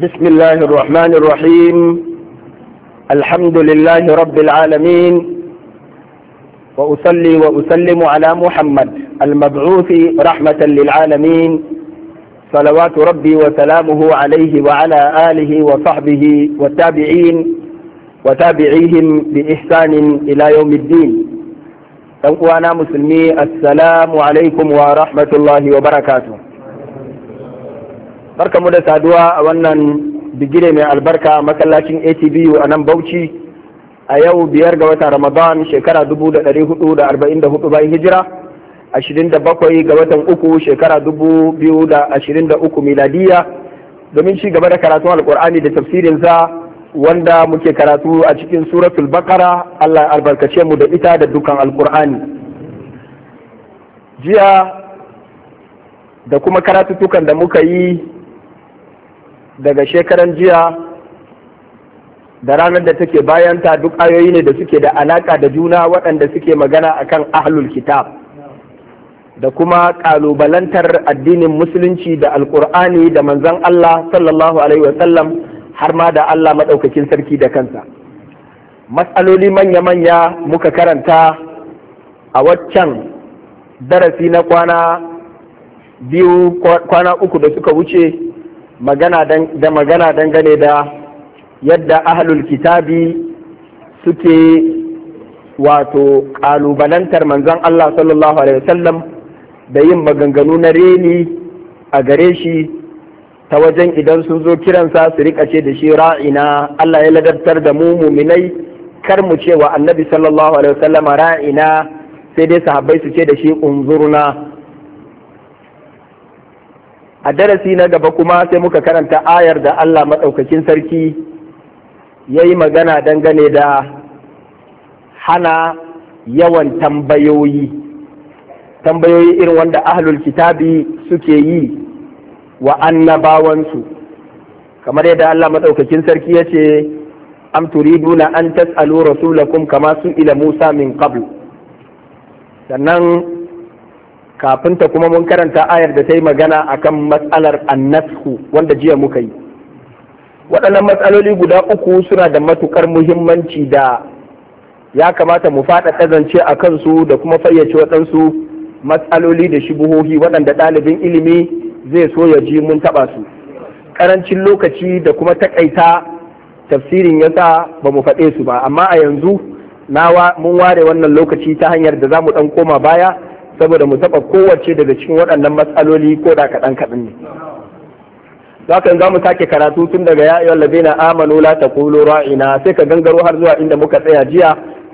بسم الله الرحمن الرحيم الحمد لله رب العالمين وأصلي وأسلم على محمد المبعوث رحمة للعالمين صلوات ربي وسلامه عليه وعلى آله وصحبه والتابعين وتابعيهم بإحسان إلى يوم الدين أنا مسلمي السلام عليكم ورحمة الله وبركاته mu da saduwa a wannan bigire mai albarka masallacin atbu a nan bauchi a yau biyar ga watan ramadan shekara hudu bayan hijira 27 ga watan uku shekara 2023 miladiya domin ci gaba da karatun alkur'ani da tafsirinsa wanda muke karatu a cikin suratul bakara allah albarkace mu da ita da dukan alkur'ani jiya da kuma karatutukan da muka yi daga shekaran jiya da ranar da take bayanta duk ayoyi ne da suke da alaka da juna waɗanda suke magana akan ahlul kitab da kuma ƙalubalantar addinin musulunci da alkur'ani da manzon Allah sallallahu alaihi wasallam har ma da Allah maɗaukakin sarki da kansa matsaloli manya-manya muka karanta a waccan darasi na kwana biyu kwana uku da suka wuce da magana dangane da yadda ahlul kitabi suke wato ƙalubalantar manzon Allah sallallahu alaihi wasallam da yin maganganu na reni a gare shi ta wajen idan sun zo kiransa su rika ce da shi ra'ina Allah ya ladabtar da mu muminai kar mu cewa annabi sallallahu alaihi wasallama ra'ina sai dai sahabbai su ce da shi unzurna a darasi na gaba kuma sai muka karanta ayar da Allah maɗaukakin sarki ya yi magana dangane da hana yawan tambayoyi tambayoyi irin wanda ahlul kitabi suke yi wa annabawansu kamar yadda Allah maɗaukakin sarki ya ce am turiduna an tas'alu rasulakum kama su ila Musa min qabl sannan kafin ta kuma mun karanta ayar da ta yi magana akan matsalar annasku wanda jiya muka yi waɗannan matsaloli guda uku suna da matukar muhimmanci da ya kamata mu faɗa zance a kansu da kuma fayyace waɗansu matsaloli da shubuhohi waɗanda ɗalibin ilimi zai so ya ji mun taɓa su ƙarancin lokaci da kuma taƙaita tafsirin yasa ba mu faɗe su ba amma a yanzu na mun ware wannan lokaci ta hanyar da za mu ɗan koma baya saboda mu taɓa kowace daga cikin waɗannan matsaloli ko da kaɗan kaɗan ne Zakan za mu sake karatu tun daga ya ayyuhal na amanu la Kulo ra'ina sai ka gangaro har zuwa inda muka tsaya jiya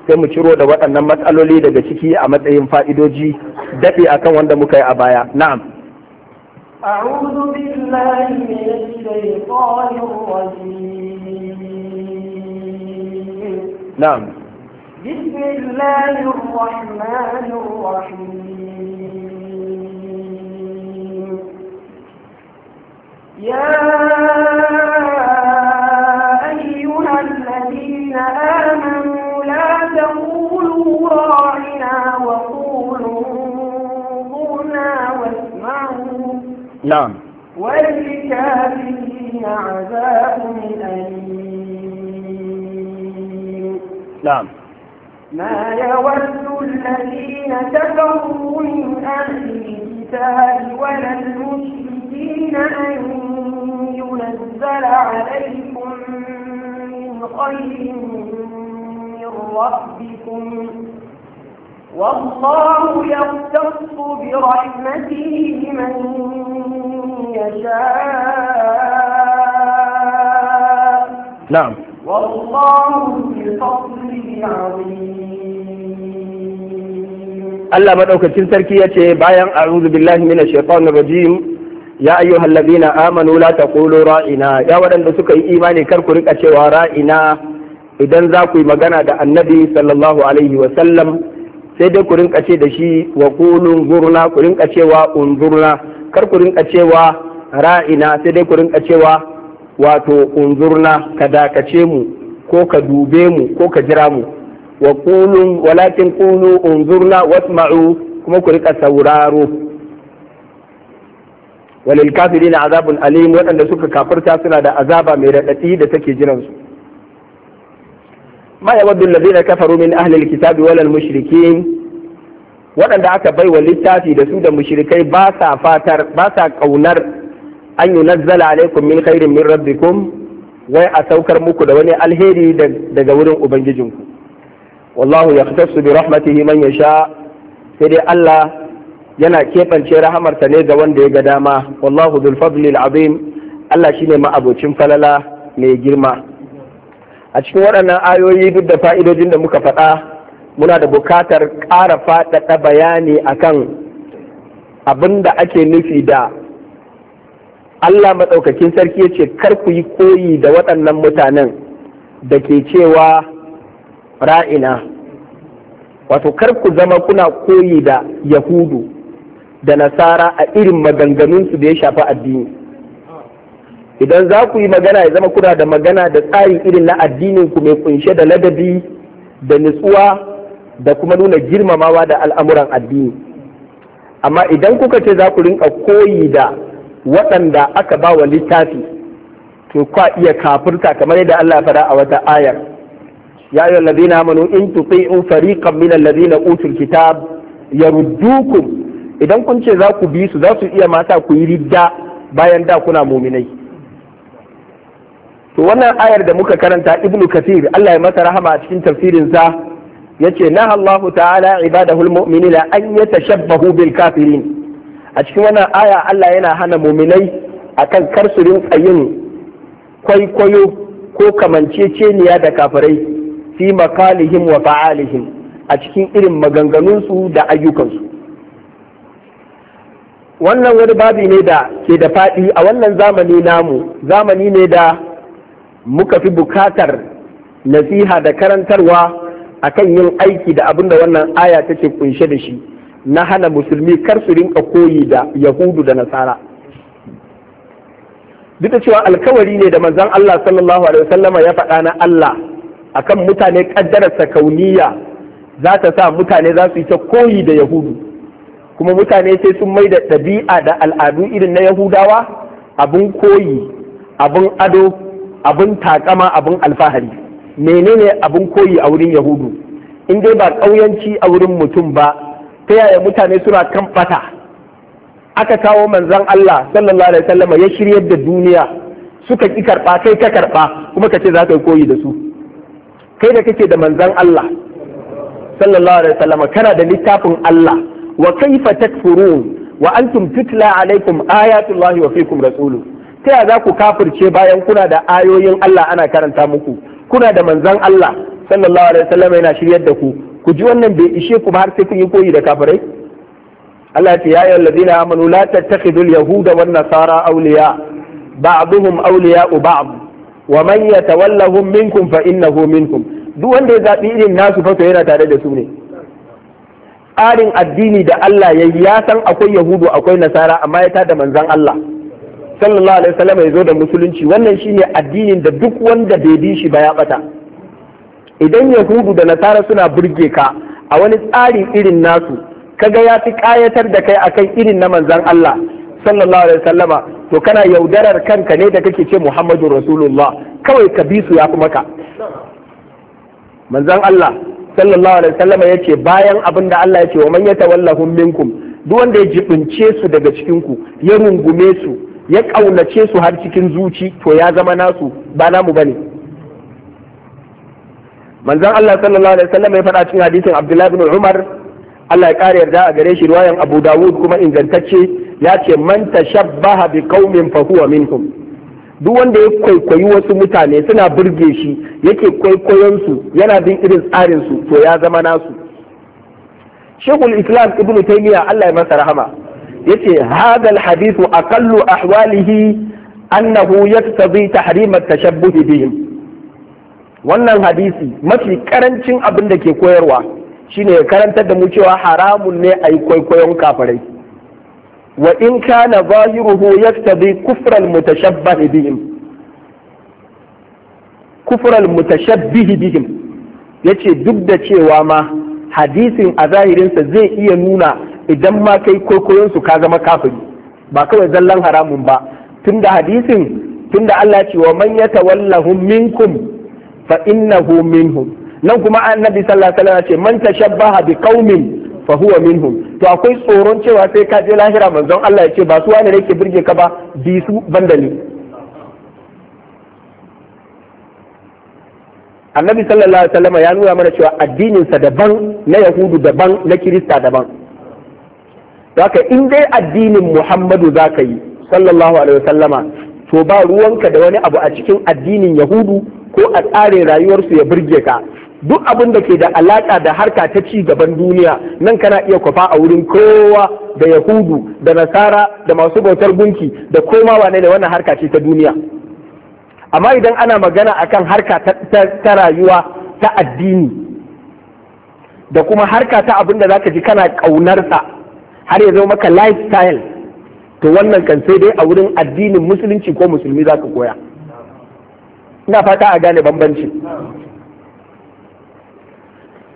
sai mu ciro da waɗannan matsaloli daga ciki a matsayin fa'idoji daɗe akan wanda muka yi a baya na'am أعوذ بالله من الشيطان الرجيم نعم بسم الله الرحمن الرحيم يا أيها الذين آمنوا لا تقولوا راعنا وقولوا انظرنا واسمعوا نعم وللكافرين عذاب أليم نعم ما يود الذين كفروا من أهل الكتاب ولا المشركين مشفقين أن ينزل عليكم من خير من ربكم والله يختص برحمته من يشاء نعم والله بفضله عظيم Allah madaukakin sarki ya ce bayan a'udhu billahi minash shaitanir rajim ya ayyuhal ladina amanu la taqulu ra'ina ya waɗanda suka yi imani kar ku rika cewa ra'ina idan za ku yi magana da annabi sallallahu alaihi wa sallam sai dai ku rinka ce da shi wa qulun zurna ku rinka cewa unzurna kar ku rinka cewa ra'ina sai dai ku rinka cewa wato unzurna ka dakace mu ko ka dube mu ko ka jira mu wa qulun walakin qulu unzurna wasma'u kuma ku rika sauraro walil kafirin azabun alim waɗanda suka kafirta suna da azaba mai raɗaɗi da take jiran su ma yawaddu alladhina kafaru min ahli kitabi wal mushrikin waɗanda aka bai wa littafi da su da mushrikai ba sa fatar ba sa kaunar an nazzala alaikum min khairin min rabbikum wai a saukar muku da wani alheri daga wurin ubangijinku wallahu yaqtasu bi rahmatihi man yasha sai dai Allah yana keɓance rahamarsa ne ga wanda ya ga dama wallahu dhul fadlil azim Allah shine ma'abocin falala mai girma a cikin waɗannan ayoyi duk da fa'idojin da muka faɗa muna da bukatar ƙara faɗaɗa bayani akan abin da ake nufi da Allah maɗaukakin sarki ya ce kar ku yi koyi da waɗannan mutanen da ke cewa ra'ina wato kar ku zama kuna koyi da yahudu da nasara a irin maganganunsu da ya shafi addini idan za ku yi magana ya zama kuna da magana da tsari irin na addinin ku mai kunshe da ladabi da nutsuwa da kuma nuna girmamawa da al'amuran addini amma idan kuka ce za ku rinka koyi da waɗanda aka ba wa littafi to kwa iya kafirta kamar yadda Allah fara a wata ayar ya yi ladina amanu in tuti'u fariqan min alladhina utul kitab yaruddukum idan kun ce za ku bi su za su iya mata ku yi ridda bayan da kuna muminai to wannan ayar da muka karanta ibnu kathir Allah ya masa rahama a cikin tafsirin sa yace na Allah ta'ala ibadahul mu'minina an yatashabbahu bil kafirin a cikin wannan aya Allah yana hana muminai a kan su rinka yin kwaikwayo ko kamanceceniya da kafirai fi makalihim wa fa'alihim a cikin irin maganganunsu da ayyukansu wannan wani babi ne da ke da faɗi a wannan zamani namu zamani ne da muka fi bukatar nasiha da karantarwa a kan yin aiki da abin da wannan aya take kunshe da shi na hana musulmi kar su rinka koyi da yahudu da nasara duk da cewa alkawari ne da manzon Allah sallallahu alaihi wasallama ya faɗa na Allah akan mutane ƙaddara sakauniya za ta sa mutane za su yi ta koyi da yahudu kuma mutane sai sun mai da ɗabi'a da al'adu irin na yahudawa abin koyi abin ado abin takama abin alfahari menene abin koyi a wurin yahudu in dai ba ƙauyanci a wurin mutum ba ta yaya mutane suna kan fata aka kawo manzon Allah sallallahu alaihi wasallam ya shiryar da duniya suka ki karɓa kai ka karɓa kuma ka ce za ka yi koyi da su kai da kake da manzon Allah sallallahu alaihi wasallam kana da littafin Allah wa kaifa takfurun wa antum tutla alaikum ayatullahi wa fikum rasuluhu ta ya za ku kafirce bayan kuna da ayoyin Allah ana karanta muku kuna da manzan Allah sallallahu alaihi wasallam yana shiryar da ku ku ji wannan bai ishe ku ba har sai kun yi koyi da kafirai Allah ya ce ya ayyuhal ladina amanu la tattakhidul yahuda wan nasara awliya ba'dhum awliya'u ba'd wa man yatawallahum minkum fa innahu minkum duk wanda ya zabi irin nasu fa yana tare da su ne tsarin addini da Allah ya ya san akwai yahudu akwai nasara amma ya tada manzon Allah sallallahu alaihi wasallam ya zo da musulunci wannan shine addinin da duk wanda bai bi shi ba ya bata idan yahudu da nasara suna burge ka a wani tsari irin nasu kaga ya fi kayatar da kai akan irin na manzon Allah sallallahu alaihi wasallama to kana yaudarar kanka ne da kake ce Muhammadu Rasulullah kawai ka bi su ya fi maka manzon Allah sallallahu alaihi wasallam ya ce bayan abin da Allah ya ce wa man yatawallahum minkum duk wanda ya jibince su daga cikin ku ya rungume su ya kaunace su har cikin zuci to ya zama nasu ba namu bane manzon Allah sallallahu alaihi wasallam ya faɗa cikin hadisin Abdullah bin Umar Allah ya kare yarda a gare shi riwayan Abu Dawud kuma ingantacce ya ce man tashabbaha bi qaumin fa huwa minhum duk wanda ya kwaikwayi wasu mutane suna burge shi yake kwaikwayon su yana bin irin tsarinsu, to ya zama nasu shekul islam ibnu taymiya Allah ya masa rahama ce hadal hadithu aqallu ahwalihi annahu ta Harimar, ta tashabbuh bihim wannan hadisi mafi karancin abin da ke koyarwa shine ya karantar da mu cewa haramun ne a yi kwaikwayon kafarai. wa in kana zahiruhu yaktabi kufran mutashabbih bihim kufran mutashabbih bihim yace duk da cewa ma hadisin a zahirinsa zai iya nuna idan ma kai kwaikwayon su ka zama kafiri ba kawai zallan haramun ba tunda hadisin tunda Allah ce wa man yatawallahum minkum fa innahu minhum nan kuma annabi sallallahu alaihi wasallam ce man tashabbaha bi qaumin fahuwa minhum to akwai tsoron cewa sai ka je lahira manzon Allah ya ce ba su wani yake burge ka ba bi su banda ni annabi sallallahu alaihi wasallam ya nuna mana cewa addininsa daban na yahudu daban na kirista daban to haka in dai addinin muhammadu za yi sallallahu alaihi wasallama to ba ruwanka da wani abu a cikin addinin yahudu ko a tsarin rayuwarsu ya burge ka duk abin da ke da alaƙa da harka ta ci gaban duniya nan kana iya kwafa a wurin kowa da yahudu da nasara da masu bautar gunki da koma wane ne wannan harka ce ta duniya amma idan ana magana akan harka ta rayuwa ta addini da kuma harka ta abin da ka ji kana ƙaunarsa har ya zama maka lifestyle to wannan kan sai dai a wurin addinin musulunci ko musulmi za ka koya ina fata a gane bambanci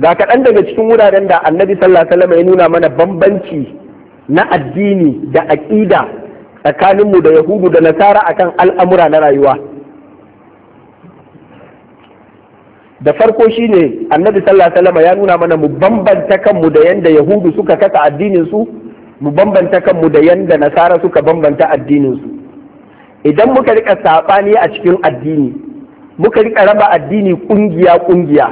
ga kaɗan daga cikin wuraren da annabi sallallahu ya nuna mana bambanci na addini da aƙida tsakaninmu da yahudu da nasara akan al'amura na rayuwa da farko shine annabi sallallahu ya nuna mana mu bambanta kanmu da yanda yahudu suka kasa addininsu, su mu bambanta kanmu da yanda nasara suka bambanta addinin su idan muka rika saɓani a cikin addini muka rika raba addini kungiya kungiya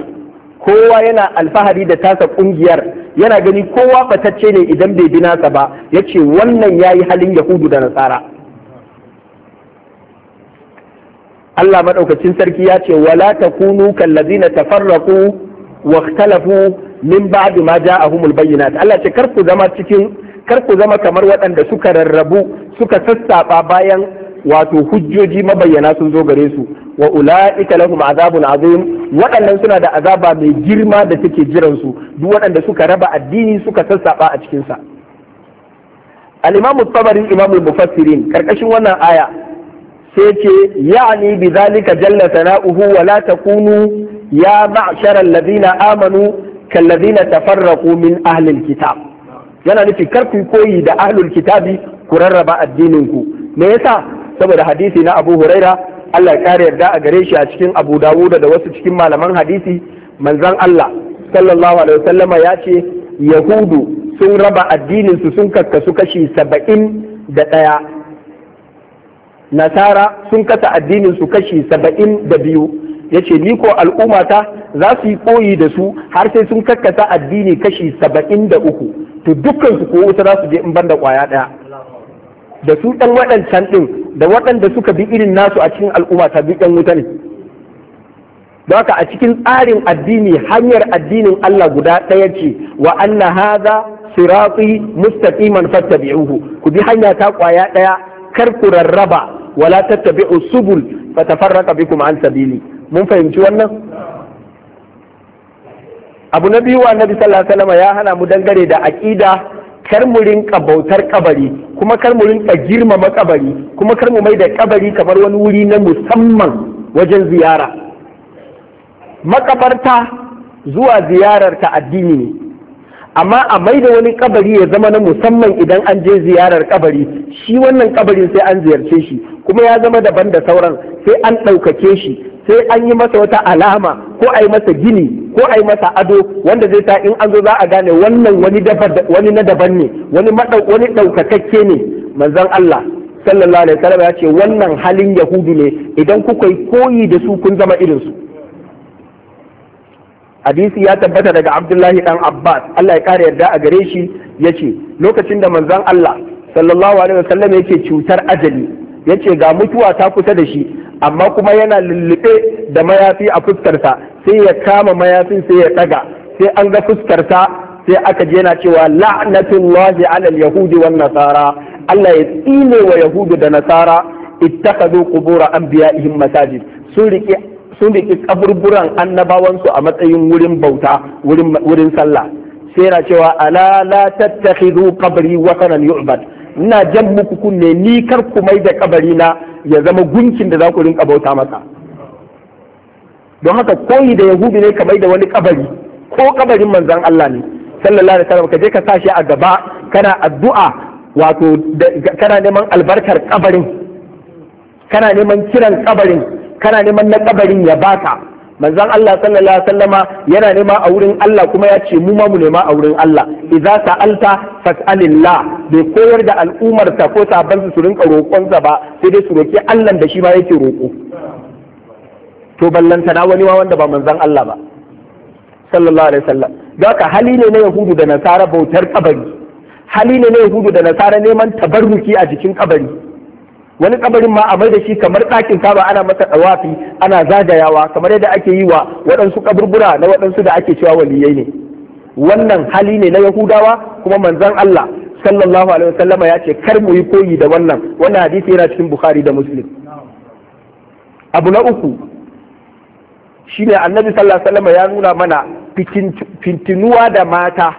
kowa yana alfahari da tasa ƙungiyar, yana gani kowa fatacce ne idan bai bi nasa ba ya ce wannan ya yi halin yahudu da nasara Allah maɗaukacin sarki ya ce wala takunu kallazina tafarraku wa talafu min ba'di ma humul bayyana Allah ce kar ku zama cikin kar ku zama kamar waɗanda suka rarrabu suka sassaɓa bayan wato hujjoji mabayyana sun zo gare su wa ula'ika lahum azabun azim waɗannan suna da azaba mai girma da suke jiran su duk waɗanda suka raba addini suka sassaɓa a cikin sa al-imam tabari imam mufassirin karkashin wannan aya sai ce ya'ni bi zalika jalla sana'uhu wa la takunu ya ma'shara alladhina amanu kalladhina tafarraqu min ahli kitab yana nufi kar ku koyi da ahlul kitabi ku rarraba addinin ku me yasa saboda hadisi na Abu Huraira Allah ya kare yarda a gare shi a cikin Abu Dawud da wasu cikin malaman hadisi manzon Allah sallallahu alaihi wasallama ya ce yahudu sun raba addinin su sun kakkasu kashi saba'in da ɗaya nasara sun kasa addinin su kashi saba'in da biyu ya ce ni ko al'ummata za su yi koyi da su har sai sun kakkasa addini kashi saba'in da uku to dukkan su ko wuta za su je in banda kwaya ɗaya da su ɗan waɗancan ɗin da waɗanda suka bi irin nasu a cikin al'umma ta bi ɗan wuta ne haka a cikin tsarin addini hanyar addinin Allah guda ɗaya ce wa anna hadha sirati mustaqiman fattabi'uhu ku bi hanya ta kwaya ɗaya kar ku rarraba wala tattabi'u subul fatafarraqa bikum an sabili mun fahimci wannan abu na biyu annabi sallallahu alaihi wasallam ya hana mu dangare da aƙida. kar mu rinka bautar kabari kuma kar mu rinka girmama kabari kuma kar mu mai da kabari kamar wani wuri na musamman wajen ziyara makabarta zuwa ziyarar ta addini ne amma a mai da wani kabari ya zama na musamman idan an je ziyarar kabari shi wannan kabarin sai an ziyarce shi kuma ya zama daban da sauran sai an ɗaukake shi sai an yi masa wata alama ko a yi masa gini ko a yi masa ado wanda zai sa in an zo za a gane wannan wani na daban ne wani wani ɗaukakakke ne manzon Allah sallallahu alaihi wasallam ya ce wannan halin yahudu ne idan kuka yi koyi da su kun zama irin su hadisi ya tabbata daga Abdullahi dan Abbas Allah ya kare yarda a gare shi yace lokacin da manzon Allah sallallahu alaihi wasallam yake cutar ajali ya ce ga mutuwa ta kusa da shi amma kuma yana lullube da mayafi a fuskarsa sai ya kama mayafin sai ya ɗaga sai an ga fuskarsa sai aka je yana cewa la'natullahi alal yahudi wan nasara Allah ya tsine wa yahudu da nasara ittakhadhu qubura anbiya'ihim masajid sun rike sun rike kaburburan annabawansu a matsayin wurin bauta wurin wurin sallah sai yana cewa ala la tattakhidhu qabri watanan yu'bad ina jan muku kunne ni kar ku mai da kabari na ya zama gunkin da za ku rinka bauta masa don haka koyi da yahudi ne ka da wani kabari ko kabarin manzon Allah ne sallallahu alaihi wasallam ka je ka tashi a gaba kana addu'a wato kana neman albarkar kabarin kana neman kiran kabarin kana neman na kabarin ya baka manzon Allah sallallahu alaihi wasallama yana nema a wurin Allah kuma ya ce mu ma mu nema a wurin Allah idza sa'alta fas'alillah bai koyar da al'ummar ta ko sabansu su rinka roƙonsa ba sai dai su roki Allah da shi ma yake roƙo to ballanta na wani ma wanda ba manzon Allah ba sallallahu alaihi wasallam haka hali ne na yahudu da nasara bautar kabari hali ne na yahudu da nasara neman tabarruki a jikin kabari wani kabarin ma a mai da shi kamar ɗakin kaba ana masa ɗawafi ana zagayawa kamar yadda ake yi wa waɗansu kaburbura na waɗansu da ake cewa waliyai ne wannan hali ne na yahudawa kuma manzon Allah sallallahu alaihi wasallama ya ce kar mu yi koyi da wannan wannan hadisi yana cikin bukhari da muslim abu na uku shine annabi sallallahu alaihi wasallama ya nuna mana fitinuwa da mata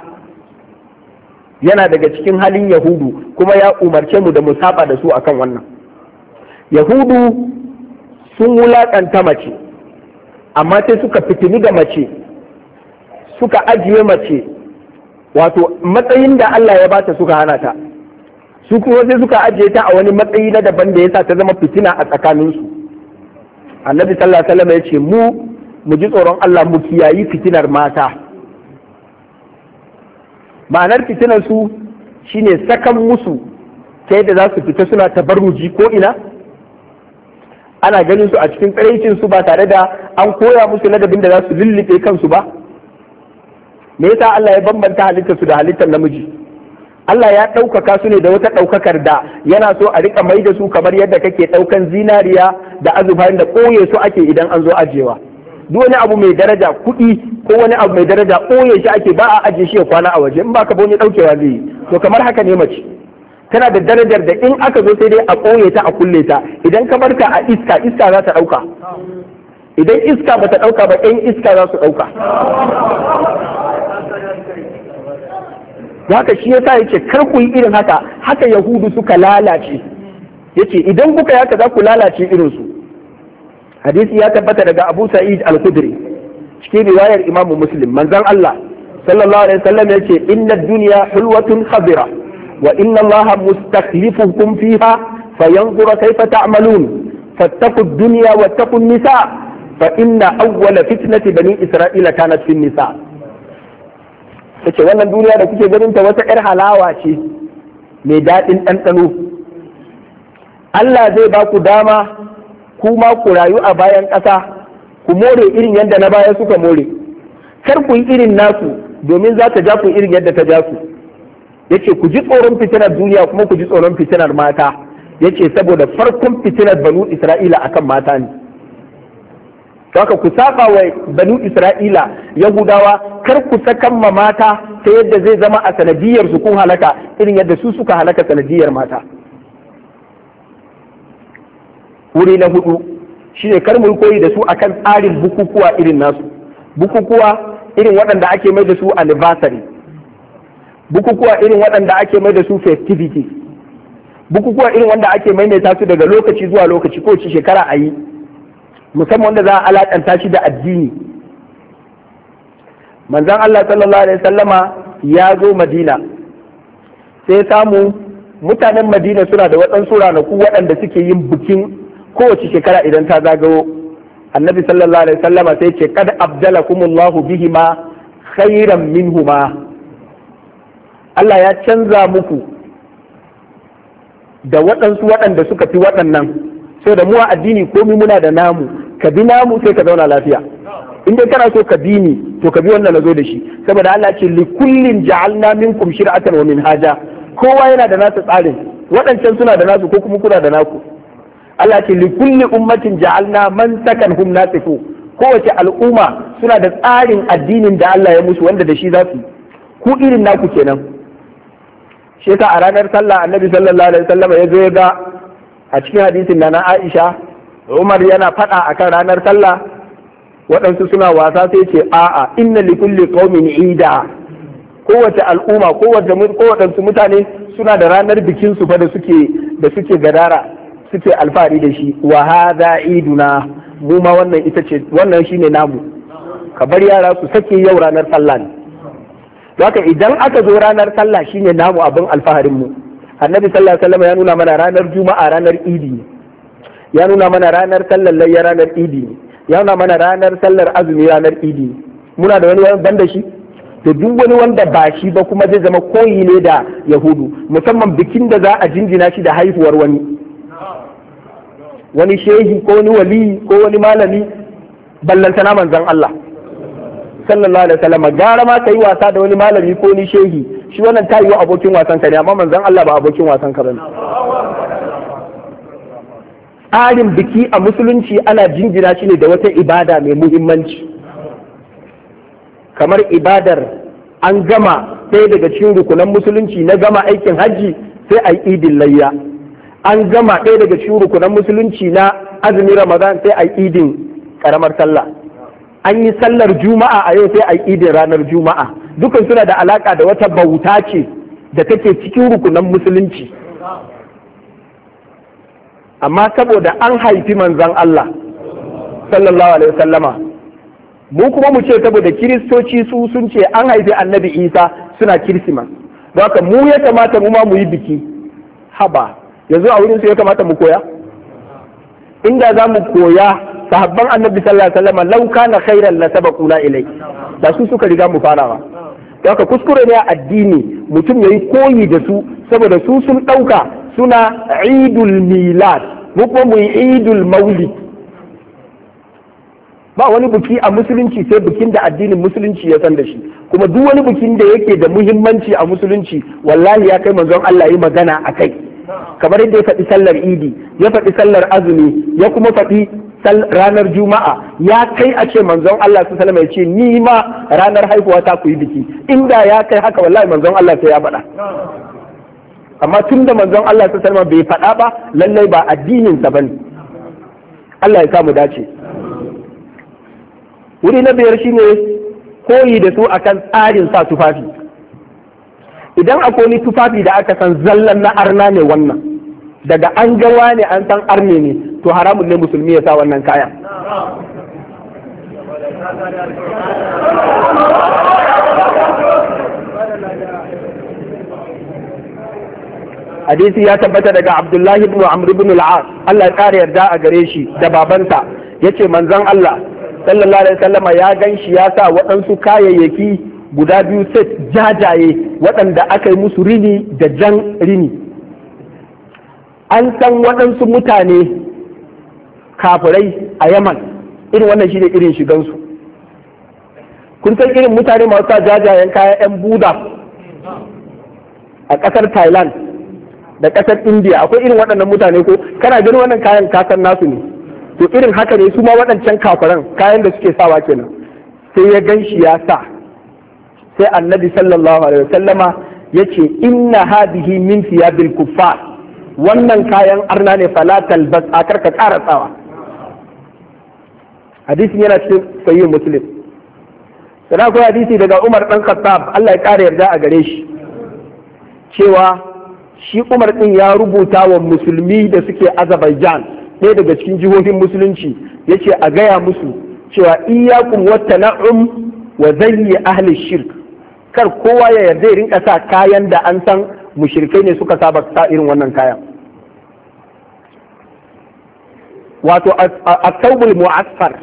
yana daga cikin halin yahudu kuma ya umarce mu da mu saba da su akan wannan yahudu sun wulaƙanta mace amma sai suka fitini da mace suka ajiye mace wato matsayin da Allah ya bata suka hana ta su kuma sai suka ajiye ta a wani matsayi na daban da ya sa ta zama fitina a tsakaninsu annabi sallallahu alaihi wasallam ya ce mu mu ji tsoron Allah mu kiyayi fitinar mata ma'anar fitinar su shine sakan musu ta da za su fita suna tabarruji ko ina ana ganin su a cikin tsaraicin su ba tare da an koya musu ladabin da za su lullube kansu ba me yasa Allah ya bambanta halittar su da halittar namiji Allah ya ɗaukaka su ne da wata ɗaukakar da yana so a riƙa mai da su kamar yadda kake ɗaukan zinariya da azufan da ƙoye su ake idan an zo ajewa duk wani abu mai daraja kuɗi ko wani abu mai daraja ƙoye shi ake ba a ajiye shi ya kwana a waje in ba ka bone ɗaukewa zai yi to kamar haka ne mace tana da darajar da in aka zo sai dai a ƙoye ta a kulle ta idan ka barka a iska iska za ta ɗauka idan iska ba ta ɗauka ba ɗan iska za su ɗauka haka shi yasa yace kar ku yi irin haka haka yahudu suka lalace yace idan kuka yaka za ku lalace irinsu. su hadisi ya tabbata daga Abu Sa'id Al-Khudri cikin riwayar Imam Muslim manzon Allah sallallahu alaihi wasallam yace inna duniya hulwatun khabira wa inna allaha mustakhlifukum fiha fayanzura kaifa ta'malun fattaqu ad-dunya wattaqu an-nisa fa inna awwala fitnati bani isra'ila kanat fi nisa wannan duniya da kuke ganin ta wata 'yar halawa ce mai daɗin ɗanɗano Allah zai ba ku dama kuma ku rayu a bayan ƙasa ku more irin yadda na baya suka more kar ku yi irin nasu domin za ta ja ku irin yadda ta ja su yace ku ji tsoron fitinar duniya kuma ku ji tsoron fitinar mata yace saboda farkon fitinar banu isra'ila akan mata ne haka ku saba wa banu isra'ila yahudawa kar ku sakan ma mata ta yadda zai zama a sanadiyar su kun halaka irin yadda su suka halaka sanadiyar mata wuri na hudu shine kar mu koyi da su akan tsarin bukukuwa irin nasu bukukuwa irin waɗanda ake mai da su anniversary bukukuwa irin waɗanda ake mai da su festivities bukukuwa irin wanda ake mai maimaita su daga lokaci zuwa lokaci ko ci shekara a yi musamman wanda za a alaƙanta shi da addini manzan Allah sallallahu alaihi sallama ya zo madina sai samu mutanen madina suna da waɗansu ranaku waɗanda suke yin bikin kowace shekara idan ta zagawo annabi sallallahu alaihi sallama sai ce kad kumullahu bihima khairan minhuma Allah ya canza muku da waɗansu waɗanda suka fi waɗannan sai da mu a addini komi muna da namu ka bi namu sai ka zauna lafiya in dai kana so ka bi ni to ka bi wanda na zo da shi saboda Allah ce li kullin ja'alna minkum shir'atan wa minhaja kowa yana da nasa tsarin waɗancan suna da nasu ko kuma kuna da naku Allah ce li kulli ummatin ja'alna man takan hum nasifu kowace al'umma suna da tsarin addinin da Allah ya musu wanda da shi za su ku irin naku kenan sheka a ranar sallah annabi sallallahu alaihi wasallam ya zo ya ga a cikin hadisin na na Aisha Umar yana faɗa akan ranar sallah waɗansu suna wasa sai ce a'a inna li kulli qaumin ida kowace al'umma kowace kowaɗansu mutane suna da ranar bikin su fa da suke da suke gadara suke alfahari da shi wa hadha iduna mu ma wannan ita ce wannan shine namu ka bar yara su sake yau ranar sallah haka idan aka zo ranar sallah shine namu abin alfaharin mu annabi sallallahu alaihi wasallam ya nuna mana ranar juma'a ranar idi ya nuna mana ranar sallar layya ranar idi ya nuna mana ranar sallar azumi ranar idi muna da wani ban da shi da duk wani wanda ba shi ba kuma zai zama koyi ne da yahudu musamman bikin da za a jinjina shi da haihuwar wani wani shehi ko wani wali ko wani malami ballantana manzon Allah sallallahu alaihi wasallam gara ma kai wasa da wani malami ko ni shehi shi wannan ta yiwu abokin wasan ka ne amma manzon Allah ba abokin wasan ka bane tsarin biki a musulunci ana jinjina shi ne da wata ibada mai muhimmanci kamar ibadar an gama sai daga cikin rukunan musulunci na gama aikin hajji sai a yi idin layya an gama ɗaya daga cikin rukunan musulunci na azumin ramadan sai a idin karamar sallah an yi sallar juma'a a yau sai a yi idin ranar juma'a dukan suna da alaka da wata bauta ce da take cikin rukunan musulunci amma saboda an haifi manzan Allah sallallahu alaihi wasallama mu kuma mu ce saboda kiristoci su sun ce an haifi annabi isa suna kirsima don haka mu ya kamata mu ma mu yi biki haba yanzu a wurin su ya kamata mu koya inda za mu koya sahabban annabi sallallahu alaihi wasallam law kana khairan la sabaquna ilai da su suka riga mu fara farawa haka kuskure ne a addini mutum yayi koyi da su saboda su sun dauka suna idul milad mu kuma mu idul maulid ba wani buki a musulunci sai bukin da addinin musulunci ya san da shi kuma duk wani bukin da yake da muhimmanci a musulunci wallahi ya kai manzon Allah yi magana a kai kamar yadda ya faɗi sallar idi ya faɗi sallar azumi ya kuma faɗi ranar juma'a ya kai a ce manzon Allah su salama ya ce ni ma ranar haihuwa ta ku yi biki inda ya kai haka wallahi manzon Allah sai ya faɗa amma tun da manzon Allah su salama bai faɗa ba lallai ba addinin sa bane Allah ya samu dace wuri na biyar shine koyi da su akan tsarin sa tufafi idan akwai ni tufafi da aka san zallan na arna ne wannan daga an gawa ne an san arne ne to haramun ne musulmi ya sa wannan kaya. hadisi ya tabbata daga abdullahi ibn amr ibn al-as Allah ya kare yarda a gare shi da babansa yace manzon Allah sallallahu alaihi wasallam ya ganshi ya sa waɗansu kayayyaki guda biyu set jajaye waɗanda aka yi musu rini da jan rini an san waɗansu mutane kafirai a yaman irin wannan shi ne irin shigansu kun san irin mutane masu sa jajayen kayan 'yan buda a ƙasar thailand da ƙasar india akwai irin waɗannan mutane ko kana ganin wannan kayan kasan nasu ne to irin haka ne su ma waɗancan kafiran kayan da suke sawa kenan sai ya gan shi ya sa sai annabi sallallahu alaihi wasallama ya ce inna hadihi min siyabil kuffar wannan kayan arna ne falatal bas a karka ƙara tsawa hadisin yana cikin sayyid muslim sana akwai hadisi daga umar ɗan khattab Allah ya ƙara yarda a gare shi cewa shi umar ɗin ya rubuta wa musulmi da suke azerbaijan ɗaya daga cikin jihohin musulunci ya ce a gaya musu cewa iyakun wata na'um wa zai ahli shirk kar kowa ya yarda ya rinka sa kayan da an san mushirkai ne suka saba sa irin wannan kayan wato a taubul mu'assar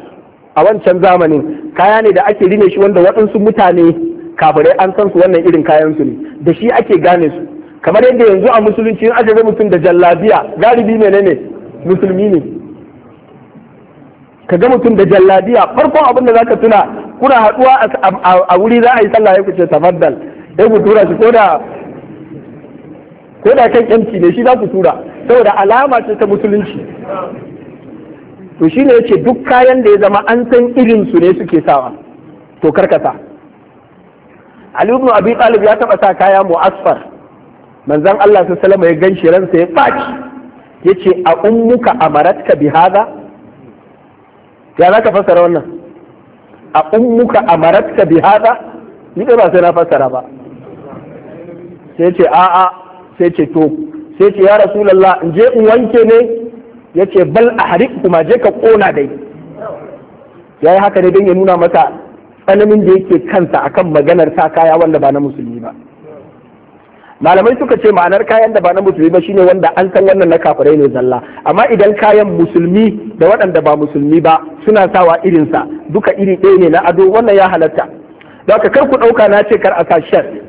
a wancan zamanin kaya ne da ake rine shi wanda waɗansu mutane kafirai an san su wannan irin kayansu ne da shi ake gane su kamar yadda yanzu a musulunci in aka ga mutum da jallabiya galibi ne? musulmi ne ka ga mutum da jallabiya farkon abin da zaka tuna kuna haɗuwa a wuri za a yi sallah ya kuce tafaddal ya ku tura shi ko da ko da kan yanci ne shi za ku tura saboda alama ce ta musulunci to shi ne yace duk kayan da ya zama an san irin su ne suke sawa to karkasa Ali ibn Abi Talib ya taba sa kaya mu asfar manzon Allah sallallahu alaihi wasallam ya ganshi ransa ya faci yace a ummuka amaratka bi hada ya zaka fassara wannan a ummuka amaratka bi hada ni ba sai na fassara ba sai ce a'a sai ce to sai ce ya rasulallah in je in wanke ne yace bal ahriq kuma je ka kona dai yi haka ne don ya nuna masa tsananin da yake kansa akan maganar sa kaya wanda ba na musulmi ba malamai suka ce ma'anar kayan da ba na musulmi ba shine wanda an san wannan na kafirai ne zalla amma idan kayan musulmi da waɗanda ba musulmi ba suna sawa irinsa duka iri ɗaya ne na ado wannan ya halatta da kar ku ɗauka na ce kar a sa shirt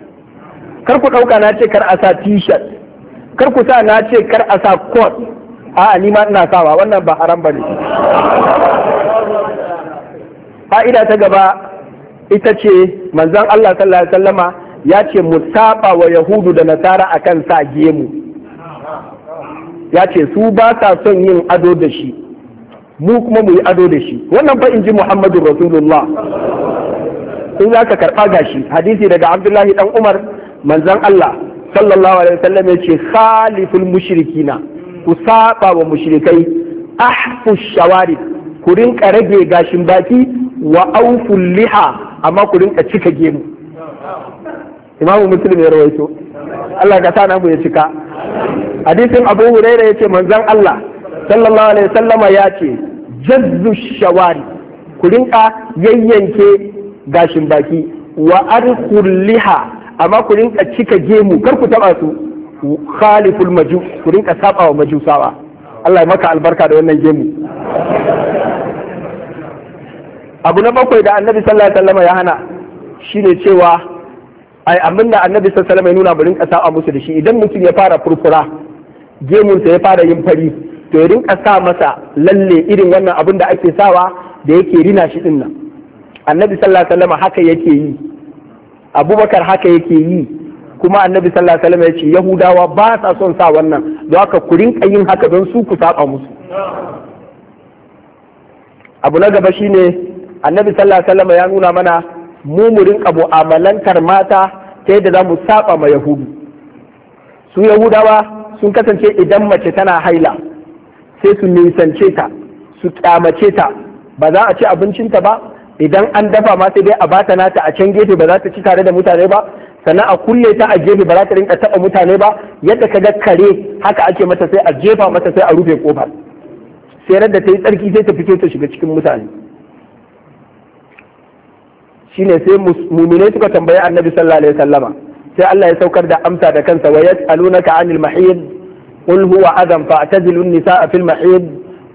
kar ku ɗauka na ce kar a sa t-shirt kar ku sa na ce kar a sa coat a ni ma ina sawa wannan ba haram bane fa'ida ta gaba ita ce manzon Allah sallallahu alaihi wasallama ya ce mu saba wa yahudu da nasara akan sa gemu ya ce su ba sa son yin ado da shi mu kuma mu yi ado da shi wannan fa in ji Muhammadu Rasulullah in za ka karɓa gashi hadisi daga Abdullahi dan Umar manzan Allah sallallahu alaihi wasallam ya ce khaliful mushrikina ku saba wa mushrikai ahfu shawari ku rinka rage gashin baki wa auful liha amma ku rinka cika gemu imamu muslim ya rawaito Allah ka sa mu ya cika hadisin abu huraira ya ce manzon Allah sallallahu alaihi wasallama ya ce jazzu shawari ku rinka yayyanke gashin baki wa arkul liha amma ku rinka cika gemu kar ku taba su khaliful maju ku rinka saba wa majusawa Allah ya maka albarka da wannan gemu abu na bakwai da annabi sallallahu alaihi wasallam ya hana shine cewa ai abin da annabi sallallahu alaihi wasallam ya nuna mu rinka saba musu da shi idan mutum ya fara furfura gemunsa ya fara yin fari to ya rinka sa masa lalle irin wannan abin da ake sawa da yake rina shi din nan annabi sallallahu alaihi wasallam haka yake yi abubakar haka yake yi kuma annabi sallallahu alaihi wasallam ya yahudawa ba sa son sa wannan don haka ku rinka yin haka don su ku saba musu abu na gaba shine annabi sallallahu alaihi wasallam ya nuna mana mu mu rinka mu'amalantar mata ta yadda za mu saba ma yahudu su yahudawa sun kasance idan mace tana haila sai su nisance ta su kyamace ta ba za a ci abincinta ba idan an dafa ma sai dai a bata nata a can gefe ba za ta ci tare da mutane ba sannan a kulle ta a gefe ba za ta rinka taɓa mutane ba yadda ka ga kare haka ake mata sai a jefa mata sai a rufe kofar sai da ta yi tsarki sai ta fito ta shiga cikin mutane shine sai muminai suka tambayi annabi sallallahu alaihi wasallama sai Allah ya saukar da amsa da kansa wa yas'alunaka anil mahid qul huwa adhan fa'tazilun nisaa fil mahid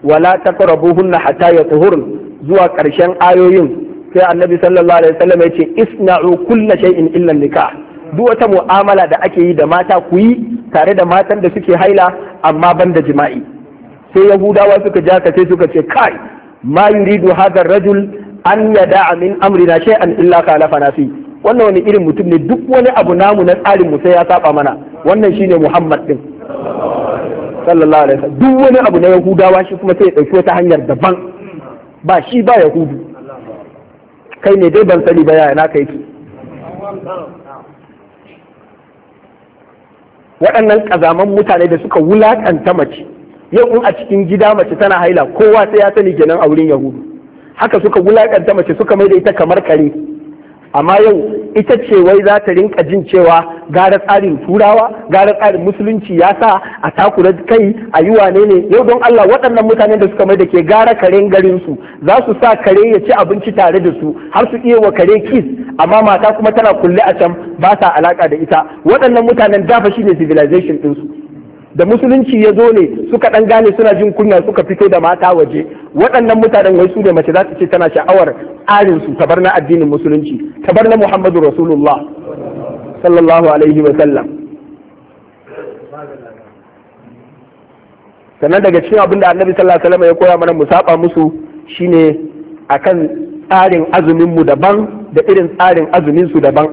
wa la taqrabuhunna hatta yatahurna zuwa ƙarshen ayoyin sai annabi sallallahu alaihi wasallam ya ce isna'u kulla shay'in illa nikah duk wata mu'amala da ake yi da mata ku yi tare da matan da suke haila amma ban da jima'i sai yahudawa suka ja ka sai suka ce kai ma yuridu hadha rajul an yada'a min amrina shay'an illa khalafana fi wannan wani irin mutum ne duk wani abu namu na tsarin mu sai ya saba mana wannan shine muhammad din sallallahu alaihi wasallam duk wani abu na yahudawa shi kuma sai ya dauki wata hanyar daban ba shi ba yahudu kai ne dai ban sani ba yaya na kai ki waɗannan ƙazaman mutane da suka wulaƙanta mace yau in a cikin gida mace tana haila kowa sai ya sani kenan a wurin yahudu haka suka wulaƙanta mace suka mai da ita kamar kare amma yau ita ce wai za ta rinka jin cewa gara tsarin turawa gara tsarin musulunci ya sa a takura kai a yi wane ne yau don Allah waɗannan mutanen da suka mai da ke gara karen garin su za su sa kare ya ci abinci tare da su har su iya wa kare kis amma mata kuma tana kulle a can ba sa alaka da ita waɗannan mutanen dafa shi ne civilization ɗinsu da musulunci ya zo ne suka ɗan gane suna jin kunya suka fito da mata waje waɗannan mutanen wai su ne mace za su ce tana sha'awar arin su tabar na addinin musulunci tabar na Muhammadu Rasulullah sallallahu alaihi wa sallam sannan daga cikin abin da Annabi sallallahu ya koya mana mu saɓa musu shine akan tsarin azumin mu daban da irin tsarin azumin su daban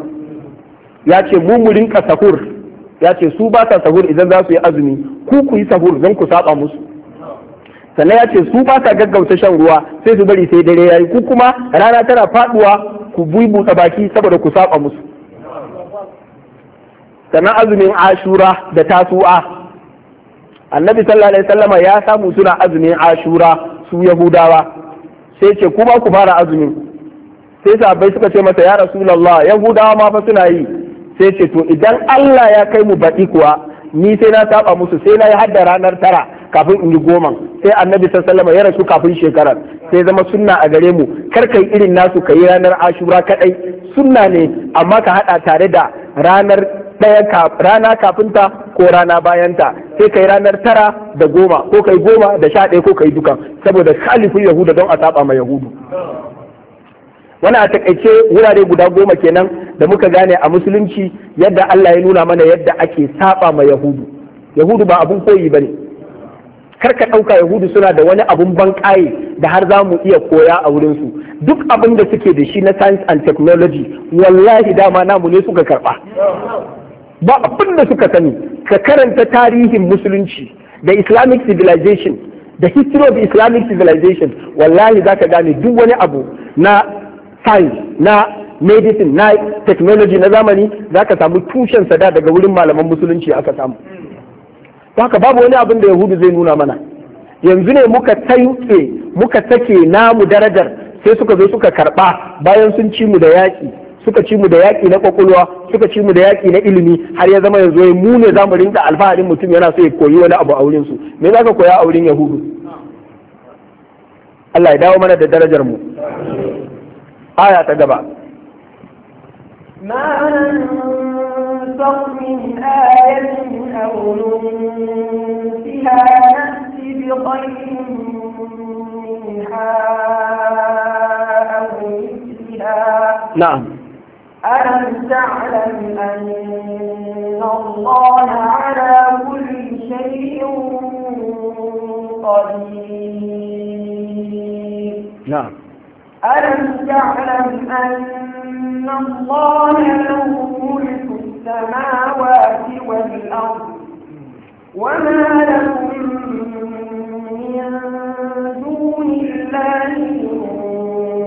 ya ce mu mu rinka sahur ya ce su ba sa sahur idan za su yi azumi ku ku yi sahur don ku saba musu sannan ya ce su ba sa gaggauta shan ruwa sai su bari sai dare yayi ku kuma rana tana faduwa ku buɗe baki saboda ku saba musu sannan azumin ashura da tasu'a annabi sallallahu alaihi wasallama ya samu suna azumin ashura su yahudawa sai ce ku ba ku fara azumin sai sahabbai suka ce masa ya rasulullah yahudawa ma fa suna yi sai ce to idan Allah ya kai mu baɗi kuwa ni sai na saba musu sai na yi hadda ranar tara kafin in yi goman sai annabi sallallahu ya rasu kafin shekarar sai zama sunna a gare mu kar kai irin nasu ka yi ranar ashura kadai sunna ne amma ka hada tare da ranar ɗaya rana kafinta ko rana bayanta ta sai kai ranar tara da goma ko kai goma da sha ɗaya ko kai dukan saboda khalifin yahuda don a saba ma yahudu wani a takaice wurare guda goma kenan da muka gane a musulunci yadda Allah ya nuna mana yadda ake saba ma yahudu yahudu ba abun koyi bane kar ka ɗauka yahudu suna da wani abun bankaye da har za mu iya koya a wurinsu duk abin da suke da shi na science and technology wallahi dama namu ne suka karba. ba abin da suka sani ka karanta tarihin musulunci da islamic civilization da history of islamic civilization wallahi za ka gane duk wani abu na science na medicine na technology na zamani zaka samu tushen sada daga wurin malaman musulunci aka samu haka babu wani abin da yahudu zai nuna mana yanzu ne muka tanke muka take namu darajar sai suka zo suka karba bayan sun ci mu da yaƙi suka ci mu da yaƙi na kwakwalwa suka ci mu da yaƙi na ilimi har ya zama yanzu mu ne za mu rinka alfaharin mutum yana so ya koyi wani abu a wurin su me za ka koya a wurin yahudu Allah ya dawo mana da darajar mu aya ta gaba ما ننفق من آية أو ننسها نأتي بخير منها أو مثلها نعم ألم تعلم أن الله على كل شيء قدير نعم ألم تعلم أن الله له ملك السماوات والأرض وما لكم من دون الله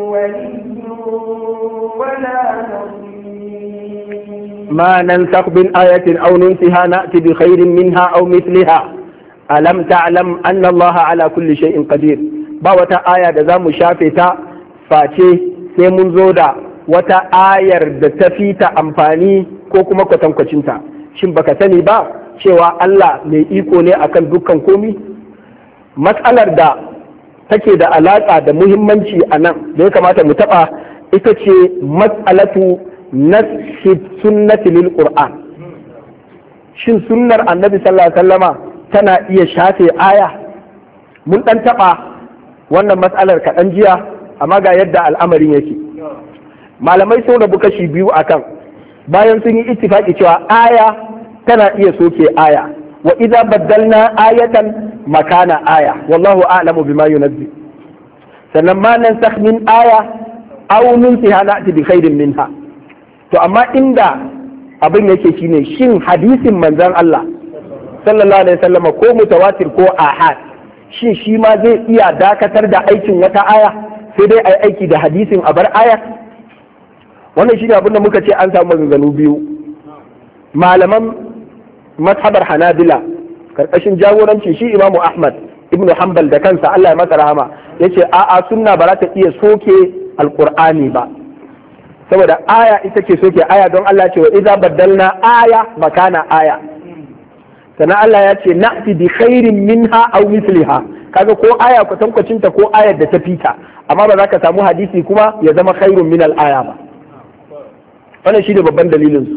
ولي ولا ما ننسخ من آية أو ننسها نأتي بخير منها أو مثلها ألم تعلم أن الله على كل شيء قدير باوة آية دزام شافتا face sai mun zo da wata ayar da ta fi ta amfani ko kuma kwatankwacinta shin baka sani ba cewa Allah mai iko ne akan dukkan komi matsalar da take da alaƙa da muhimmanci a nan da ya kamata mu taɓa ita ce matsalatu na sunnati lil shin sunnar annabi sallallahu alaihi wasallama tana iya shafe aya mun ɗan taɓa wannan matsalar kaɗan jiya amma ga yadda al'amarin yake malamai sun rabu kashi biyu akan bayan sun yi ittifaki cewa aya tana iya soke aya wa idza baddalna ayatan makana aya wallahu a'lamu bima yunazzi sannan ma nan min aya aw nunsiha na'ti bi khairin minha to amma inda abin yake shine shin hadisin manzon Allah sallallahu alaihi wasallam ko mutawatir ko ahad shin shi ma zai iya dakatar da aikin wata aya sai dai a yi aiki da hadisin a bar aya wannan shi ne abin da muka ce an samu maganganu biyu malaman mazhabar hanabila karkashin jagoranci shi imamu ahmad ibnu hanbal da kansa allah ya masa rahama ya ce a'a sunna ba za ta iya soke alkur'ani ba saboda aya ita ce soke aya don allah ce wa iza baddalna aya makana aya sannan allah ya ce na'ti bi khairin minha aw misliha kaga ko aya kwatankwacin ta ko ayar da ta fita amma ba za ka samu hadisi kuma ya zama khairun min al-aya ba wannan shine babban dalilin su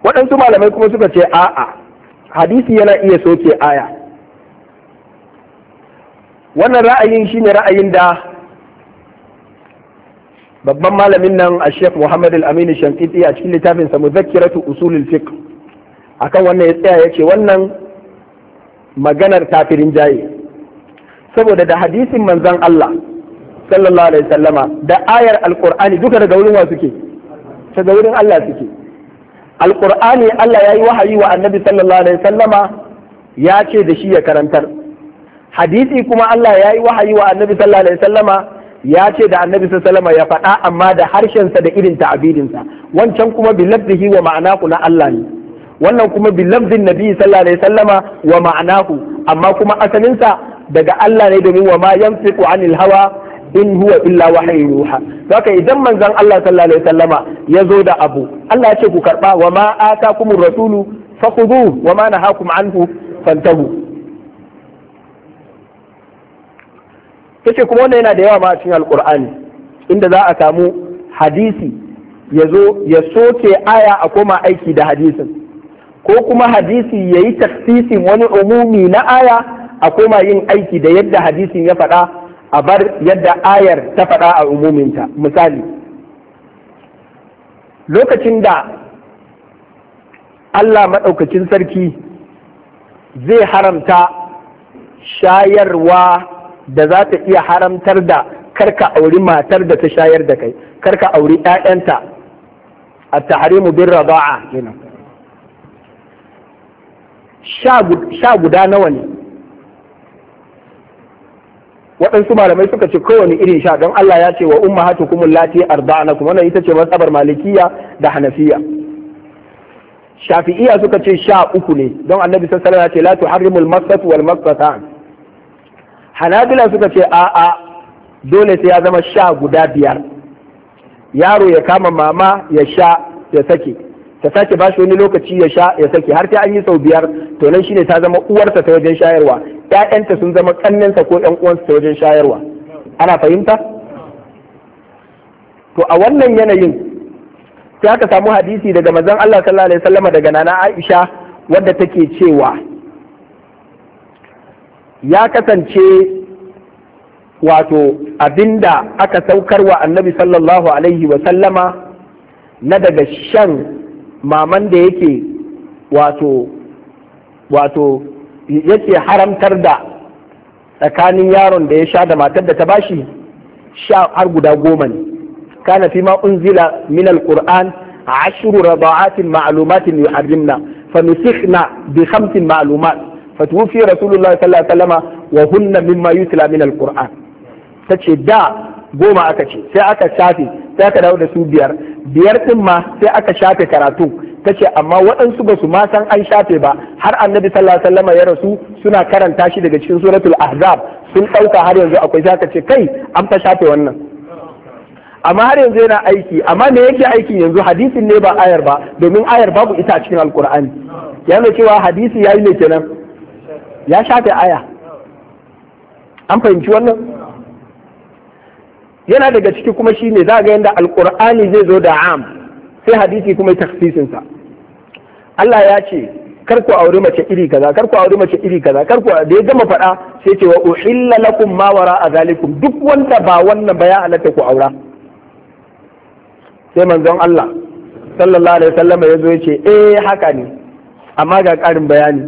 waɗansu malamai kuma suka ce a'a hadisi yana iya soke aya wannan ra'ayin shine ra'ayin da babban malamin nan a sheikh muhammad al-amin shankiti a cikin littafin sa muzakkiratu usulul fiqh akan wannan ya tsaya yace wannan maganar kafirin jaye saboda da hadisin manzon Allah sallallahu alaihi sallama da ayar alqur'ani duka daga wurin wa suke daga wurin Allah suke alqur'ani Allah ya yi wahayi wa annabi sallallahu alaihi sallama ya ce da shi ya karantar hadisi kuma Allah ya yi wahayi wa annabi sallallahu alaihi sallama ya ce da annabi sallama ya faɗa amma da harshensa da irin ta'abidinsa wancan kuma bi lafzihi wa ma'ana na Allah ne wannan kuma bi lafzin nabi sallallahu alaihi sallama wa ma'anahu amma kuma asalinsa daga Allah ne domin wa ma yanfiqu anil hawa in huwa illa wahayi ruha haka idan manzon Allah sallallahu alaihi sallama ya zo da abu Allah ya ce ku karba wa ma atakumur rasulu fakhudhu wa ma nahakum anhu fantahu kace kuma wannan yana da yawa ma a cikin alqur'ani inda za a samu hadisi ya zo ya soke aya a koma aiki da hadisin ko kuma hadisi ya yi taksisin wani umumi na aya a koma yin aiki da yadda hadisin ya faɗa a bar yadda ayar ta faɗa a umuminta misali lokacin da Allah maɗaukacin sarki zai haramta shayarwa da za ta iya haramtar da karka auri matar da ta shayar da kai karka auri 'ya'yanta a tahrimu bin raba'a kenan sha guda nawa ne waɗansu malamai suka ce kowane irin sha don Allah ya ce wa umma hatu kuma lati kuma wannan ita ce matsabar malikiya da hanafiya shafi'iya suka ce sha uku ne don annabi sallallahu ya ce la harimul masfatu wal masfatan hanabila suka ce a'a dole sai ya zama sha guda biyar yaro ya kama mama ya sha ya sake ta sake ba shi wani lokaci ya sha ya sake har sai an yi sau biyar to nan shine ta zama uwarsa ta wajen shayarwa ƴaƴanta sun zama kannansa ko ƴan uwansa ta wajen shayarwa ana fahimta to a wannan yanayin sai aka samu hadisi daga manzon Allah sallallahu alaihi wasallama daga nana Aisha wadda take cewa ya kasance wato abinda aka saukarwa annabi sallallahu alaihi wasallama na daga shan maman da yake wato wato yake haramtar da tsakanin yaron da ya sha da matar da ta bashi sha har guda goma ne kana fi ma unzila min alquran ashru rada'atin ma'lumatin yuharrimna fa nusikhna bi khamsin ma'lumat fatuwfi rasulullahi sallallahu alaihi wasallam wa hunna mimma yutla min alquran tace da goma aka ce sai aka shafe sai aka dawo da su biyar biyar din ma sai aka shafe karatu tace amma waɗansu ba su ma san an shafe ba har annabi sallallahu alaihi wasallam ya rasu suna karanta shi daga cikin suratul ahzab sun ɗauka har yanzu akwai sai aka ce kai an fa shafe wannan amma har yanzu yana aiki amma me yake aiki yanzu hadisin ne ba ayar ba domin ayar babu ita a cikin alkur'ani yana cewa hadisi yayi ne kenan ya shafe aya an fahimci wannan yana daga ciki kuma shine za ga yadda Alƙur'ani zai zo da am sai hadisi kuma ya sa Allah ya ce kar ku aure mace iri kaza kar ku aure mace iri kaza kar ku da ya gama faɗa sai ce wa uhilla lakum ma wara zalikum duk wanda ba wannan ba ya halatta ku aura sai manzon Allah sallallahu alaihi wasallam ya zo ya ce eh haka ne amma ga ƙarin bayani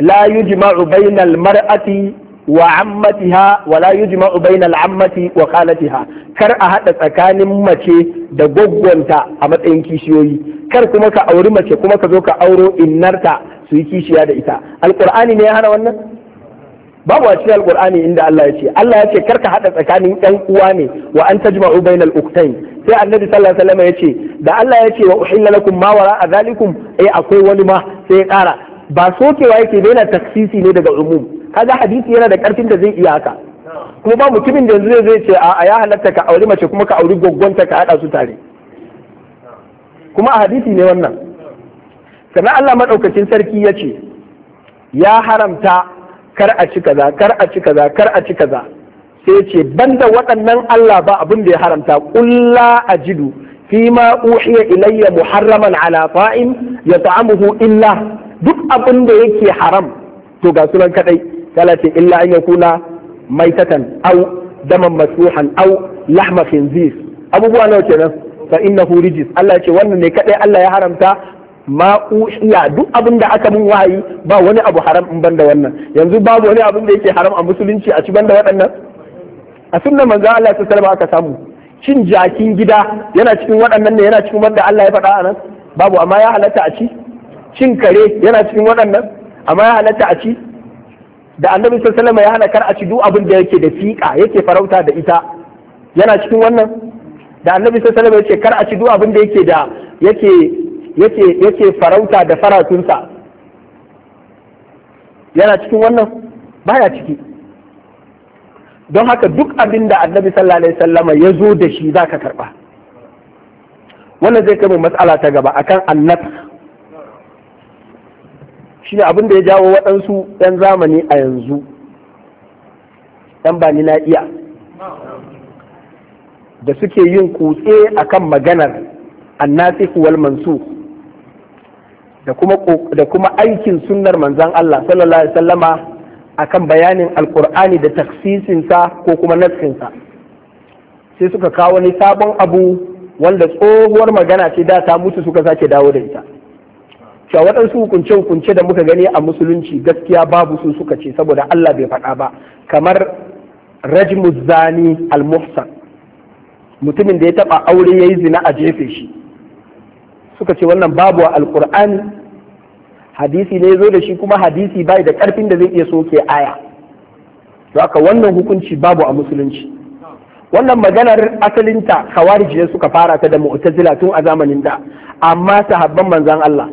la yujma'u bainal mar'ati wa ammatiha wa la yujma'u bayna al-ammati wa khalatiha kar a hada tsakanin mace da gwaggwanta a matsayin kishiyoyi kar kuma ka auri mace kuma ka zo ka auro innarta su kishiya da ita alqur'ani ne ya hana wannan babu a cikin alqur'ani inda Allah ya ce Allah ya ce kar ka hada tsakanin ƴan uwa ne wa an tajma'u bayna al-uktayn sai annabi sallallahu alaihi ya ce da Allah ya ce wa uhilla lakum ma wara'a zalikum eh akwai wani ma sai ya kara ba sokewa yake daina taksisi ne daga umum kaga hadisi yana da karfin da zai iya haka kuma ba mutumin da yanzu zai ce a ya halatta ka auri mace kuma ka auri gwaggwanta ka hada su tare kuma a hadisi ne wannan sannan Allah maɗaukacin sarki ya ce ya haramta kar a ci kaza kar a ci kaza kar a ci kaza sai ce banda waɗannan Allah ba abin da ya haramta kulla ajidu fima uhiya ilayya muharraman ala fa'im yata'amuhu illa duk abin da yake haram to ga sunan kadai talace illa an yakuna maitatan au daman masruhan au lahma khinzir abubuwa nawa kenan fa innahu rijis Allah ce wannan ne kadai Allah ya haramta ma uhiya duk abin da aka mun wahayi ba wani abu haram in banda wannan yanzu babu wani abin da yake haram a musulunci a ci banda waɗannan a sunnan manzo Allah ta salama aka samu cin jakin gida yana cikin waɗannan ne yana cikin wanda Allah ya faɗa anan babu amma ya halatta a ci cin kare yana cikin waɗannan amma ya halatta a ci da annabi sallallahu ya hana kar a ci duk abin da yake da fiƙa yake farauta da ita yana cikin wannan da annabi sallallahu ya ce kar a ci duk abin da yake da yake yake yake farauta da faratunsa yana cikin wannan baya ciki don haka duk abin da annabi sallallahu alaihi wasallam ya zo da shi zaka karba wannan zai kai mu matsala ta gaba akan annabi shine abin da ya jawo waɗansu 'yan zamani a yanzu 'yan ba ni na iya da suke yin kutse a kan maganar annasihu wal mansu da kuma aikin sunnar manzan Allah sallallahu alaihi sallama akan bayanin alkur'ani da taksisinsa ko kuma naskinsa, sai suka kawo wani sabon abu wanda tsohuwar magana ce da ta mutu suka sake dawo da ita cewa waɗansu hukunce-hukunce da muka gani a musulunci gaskiya babu su suka ce saboda Allah bai faɗa ba kamar rajimus zani al-muhsan mutumin da ya taɓa aure ya yi zina a jefe shi suka ce wannan babu a alƙur'ani hadisi ne zo da shi kuma hadisi bai da ƙarfin da zai iya soke aya haka wannan hukunci babu a musulunci wannan maganar asalinta khawarij ne suka fara ta da mu'tazila tun a zamanin da amma sahabban manzon Allah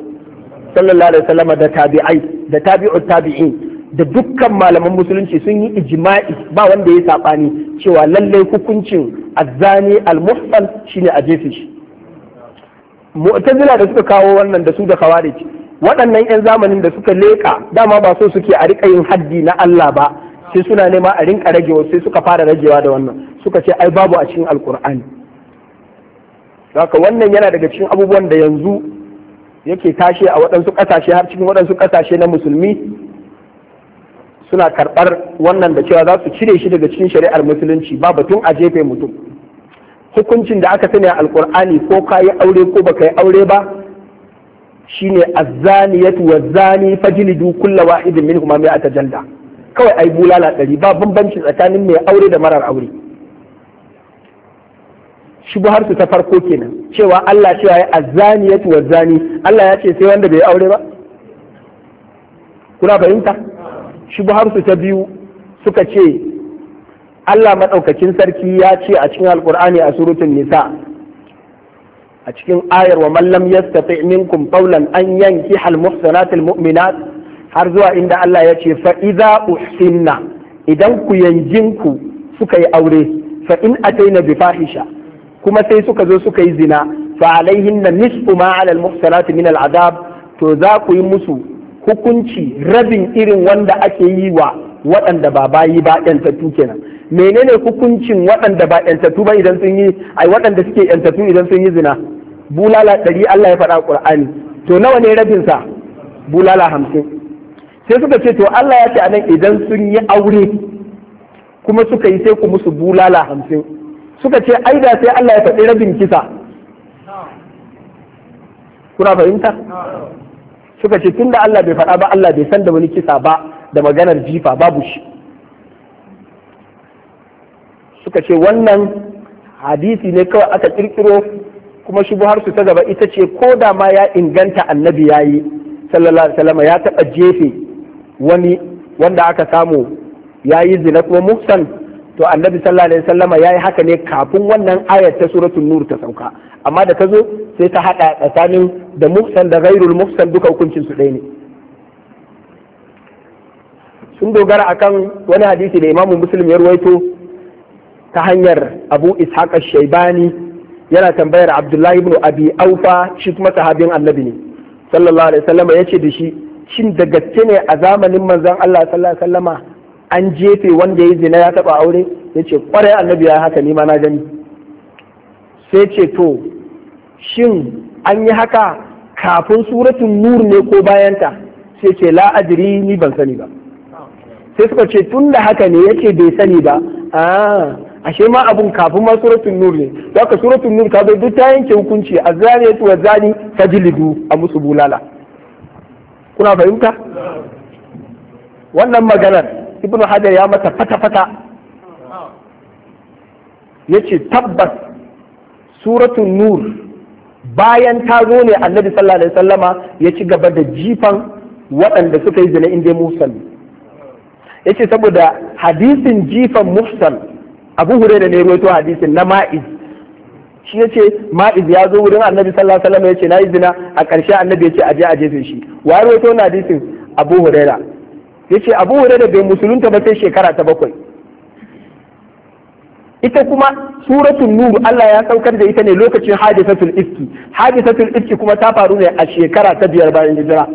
sallallahu alaihi wasallam da tabi'ai da tabi'ut tabi'in da dukkan malaman musulunci sun yi ijma'i ba wanda ya sabani cewa lallai hukuncin azzani al-muhsan shine a jefe shi mu'tazila da suka kawo wannan da su da khawarij waɗannan 'yan zamanin da suka leka dama ba so suke a rika yin haddi na Allah ba sai suna nema a rinka ragewa sai suka fara ragewa da wannan suka ce ai babu a cikin alkur'ani haka wannan yana daga cikin abubuwan da yanzu yake tashe a waɗansu ƙasashe har cikin waɗansu ƙasashe na musulmi suna karɓar wannan da cewa za su cire shi daga cikin shari'ar musulunci ba batun a jefe mutum hukuncin da aka sani a alƙur'ani ko ka yi aure ko baka yi aure ba shine azzaniyatu wazzani fajlidu kulla wahidin minhum mi'ata jalda kawai ai bulala ɗari ba bambanci tsakanin mai aure da marar aure shubuhar ta farko kenan cewa Allah cewa ya azaniyatu wa zani Allah ya ce sai wanda bai aure ba kuna fahimta shubuhar ta biyu suka ce Allah maɗaukacin sarki ya ce a cikin alkur'ani a suratul nisa a cikin ayar wa mallam lam yastati minkum qawlan an yanki hal muhsanatil mu'minat har zuwa inda Allah ya ce fa idza uhsinna idan ku yanjinku suka yi aure fa in ataina bi fahisha kuma sai suka zo suka yi zina fa alaihinna nisfu ma ala almuhsanati min al'adab to za ku yi musu hukunci rabin irin wanda ake yi wa waɗanda ba bayi ba yantattu kenan menene hukuncin waɗanda ba yantattu ba idan sun yi ai waɗanda suke yantattu idan sun yi zina bulala ɗari Allah ya faɗa Qur'ani to nawa ne rabin sa bulala hamsin sai suka ce to Allah ya ce anan idan sun yi aure kuma suka yi sai ku musu bulala hamsin suka ce ai da sai Allah ya faɗi rabin kisa kuna fahimta suka ce tun da Allah bai faɗa ba Allah bai san da wani kisa ba da maganar jifa babu shi suka ce wannan hadisi ne kawai aka kirkiro kuma shi buharsu ta gaba ita ce ko da ma ya inganta annabi ya yi, sallallahu alaihi wasallam ya taɓa jefe wani wanda aka samu yi zina kuma muhsan to annabi sallallahu alaihi wasallama yayi haka ne kafin wannan ayat ta suratul nur ta sauka amma da ta zo sai ta hada tsakanin da muhsan da ghairul muhsan duka hukuncin su ɗaya ne sun dogara akan wani hadisi da imamu muslim ya ruwaito ta hanyar abu ishaq shaibani yana tambayar abdullahi ibn abi aufa shi kuma sahabin annabi ne sallallahu alaihi wasallama yace da shi shin da gaske ne a zamanin manzon Allah sallallahu alaihi wasallama an jefe wanda ya zina ya taba aure ya ce kwarai annabi ya haka nima na gani sai ce to shin an yi haka kafin suratun nur ne ko bayanta sai ce la ni ban sani ba sai suka ce tun da haka ne ya ce bai sani ba a ah, ashe ma abun kafin ma suratun nur ne za ka suratun nur ka duk ta yanke hukunci a zane ya tuwa zani jilidu a musu bulala kuna fahimta wannan maganar ibnu hajar ya mata fata-fata ya ce tabbas suratun nur bayan ta zo ne annabi sallallahu alaihi wasallama ya ci gaba da jifan waɗanda suka yi zina inda musal ya ce saboda hadisin jifan musal abu hure da ne ruwaito hadisin na ma'iz shi ya ce ma'iz ya zo wurin annabi sallallahu alaihi wasallama ya ce na yi zina a ƙarshe annabi ya ce aje a jefin shi wa ruwaito na hadisin abu huraira yace abu da bai musulunta ba sai shekara ta bakwai ita kuma suratul nuru Allah ya saukar da ita ne lokacin hadisatul iski hadisatul ifki kuma ta faru ne a shekara ta biyar bayan hijira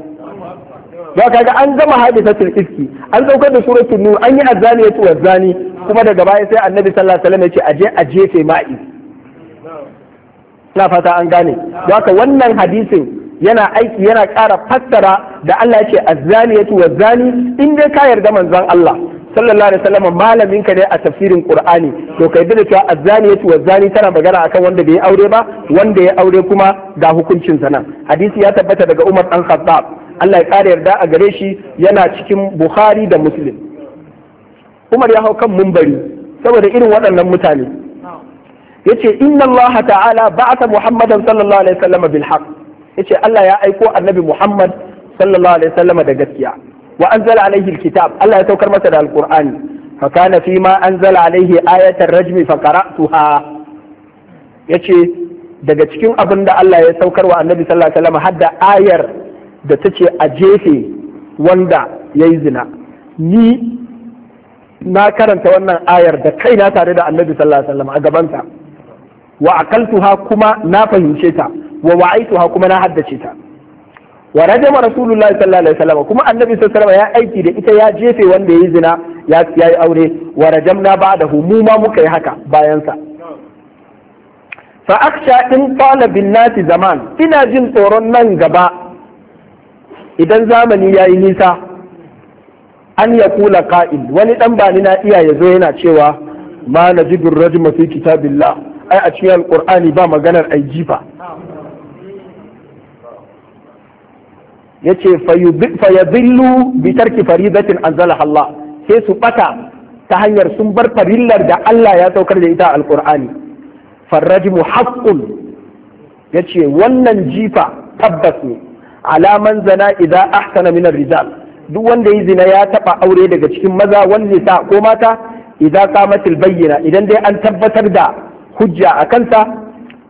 ba kaga an gama hadisatul iski an saukar da suratul nuru an yi azani ya tuwa zani kuma daga baya sai annabi sallallahu alaihi wasallam yace a jefe ma'i na fata an gane wannan hadisin yana aiki yana ƙara fassara da Allah ya ce azzaniyatu wazzani in dai ka yarda manzon Allah sallallahu alaihi wasallam malamin ka dai a tafsirin qur'ani to kai da cewa azzaniyatu wazzani tana magana akan wanda bai aure ba wanda ya aure kuma ga hukuncin sa nan hadisi ya tabbata daga Umar dan Khattab Allah ya ƙara yarda a gare shi yana cikin Bukhari da Muslim Umar ya hau kan mumbari saboda irin waɗannan mutane yace inna Allah ta'ala ba'atha Muhammadan sallallahu alaihi wasallam bil haqq yace Allah ya aiko annabi Muhammad sallallahu alaihi wasallama da gaskiya wa anzala alaihi alkitab Allah ya saukar masa da alqur'ani fa kana fi ma anzala alaihi ayatar rajmi fa qara'tuha yace daga cikin abin da Allah ya saukar wa annabi sallallahu alaihi wasallama hadda ayar da tace a jefe wanda yayi zina ni na karanta wannan ayar da kaina tare da annabi sallallahu alaihi wasallam a gabanta wa akaltuha kuma na fahimce ta wa wa'aituha kuma na haddace ta wa rajama rasulullah sallallahu alaihi wasallam kuma annabi sallallahu alaihi ya aiki da ita ya jefe wanda yayi zina ya yi aure wa rajamna ba'dahu mu ma muka yi haka bayan sa fa aksha in qala bin nasi zaman ina jin tsoron nan gaba idan zamani yayi nisa an ya kula ka'il wani dan bani na iya yazo yana cewa ma najidur rajma fi kitabillah ai a cikin alqur'ani ba maganar ai jifa yace fayadillu bi tarki faridatin anzalaha Allah sai su bata ta hanyar sun bar farillar da Allah ya saukar da ita alqur'ani farrajmu haqqun yace wannan jifa tabbas ne alaman zana idza ahsana min rijal duk wanda yi zina ya taba aure daga cikin maza wanda ta ko mata idza qamatil bayyana idan dai an tabbatar da hujja a kansa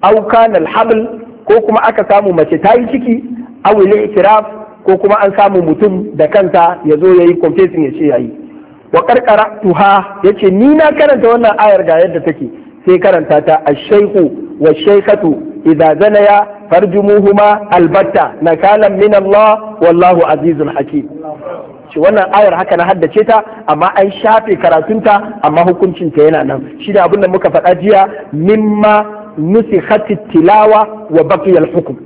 aw kana ko kuma aka samu mace ta yi ciki aw ikiraf ko kuma an samu mutum da kansa ya zo ya yi confessing ya ce ya yi wa karkara tuha ya ce ni na karanta wannan ayar ga yadda take sai karanta ta ashaiku wa shaikatu idza zanaya farjumuhuma albatta nakalan min Allah wallahu azizul hakim shi wannan ayar haka na haddace ta amma an shafe karatunta amma hukuncinta yana nan shi da abin da muka faɗa jiya mimma nusikhatit tilawa wa baqiyal hukm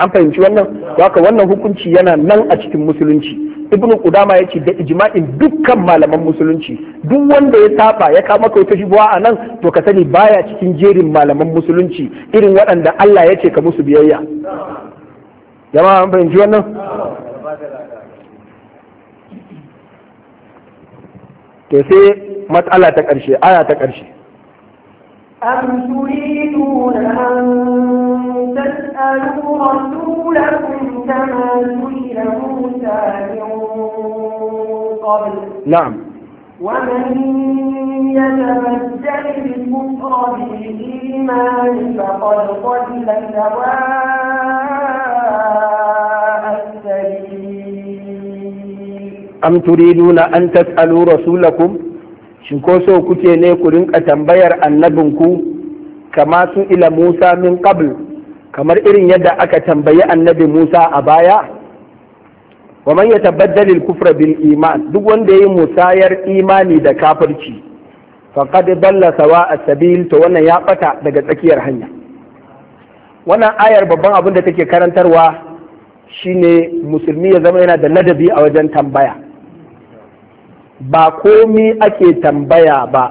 an fahimci wannan haka wannan hukunci yana nan a cikin musulunci ibn ya ce da ijma'in dukkan malaman musulunci duk wanda ya saba ya kama kai ta shibuwa a nan to ka sani baya cikin jerin malaman musulunci irin waɗanda Allah ya ce ka musu biyayya jama'a an fahimci wannan to sai matsala ta ƙarshe aya ta ƙarshe سألوا رسولكم كما سئل موسى من قبل نعم ومن يتبدل الكفر بالإيمان فقد قتل سواء السبيل أم تريدون أن تسألوا رسولكم shin ko so kuke ne ku rinka tambayar annabinku kama su ila Musa min qabl kamar irin yadda aka tambayi annabi Musa a baya wa man dalil kufra bil iman duk wanda yi musayar imani da kafirci faqad dalla sawa sabil to wannan ya fata daga tsakiyar hanya wannan ayar babban abin da take karantarwa shine musulmi ya zama yana da ladabi a wajen tambaya ba komi ake tambaya ba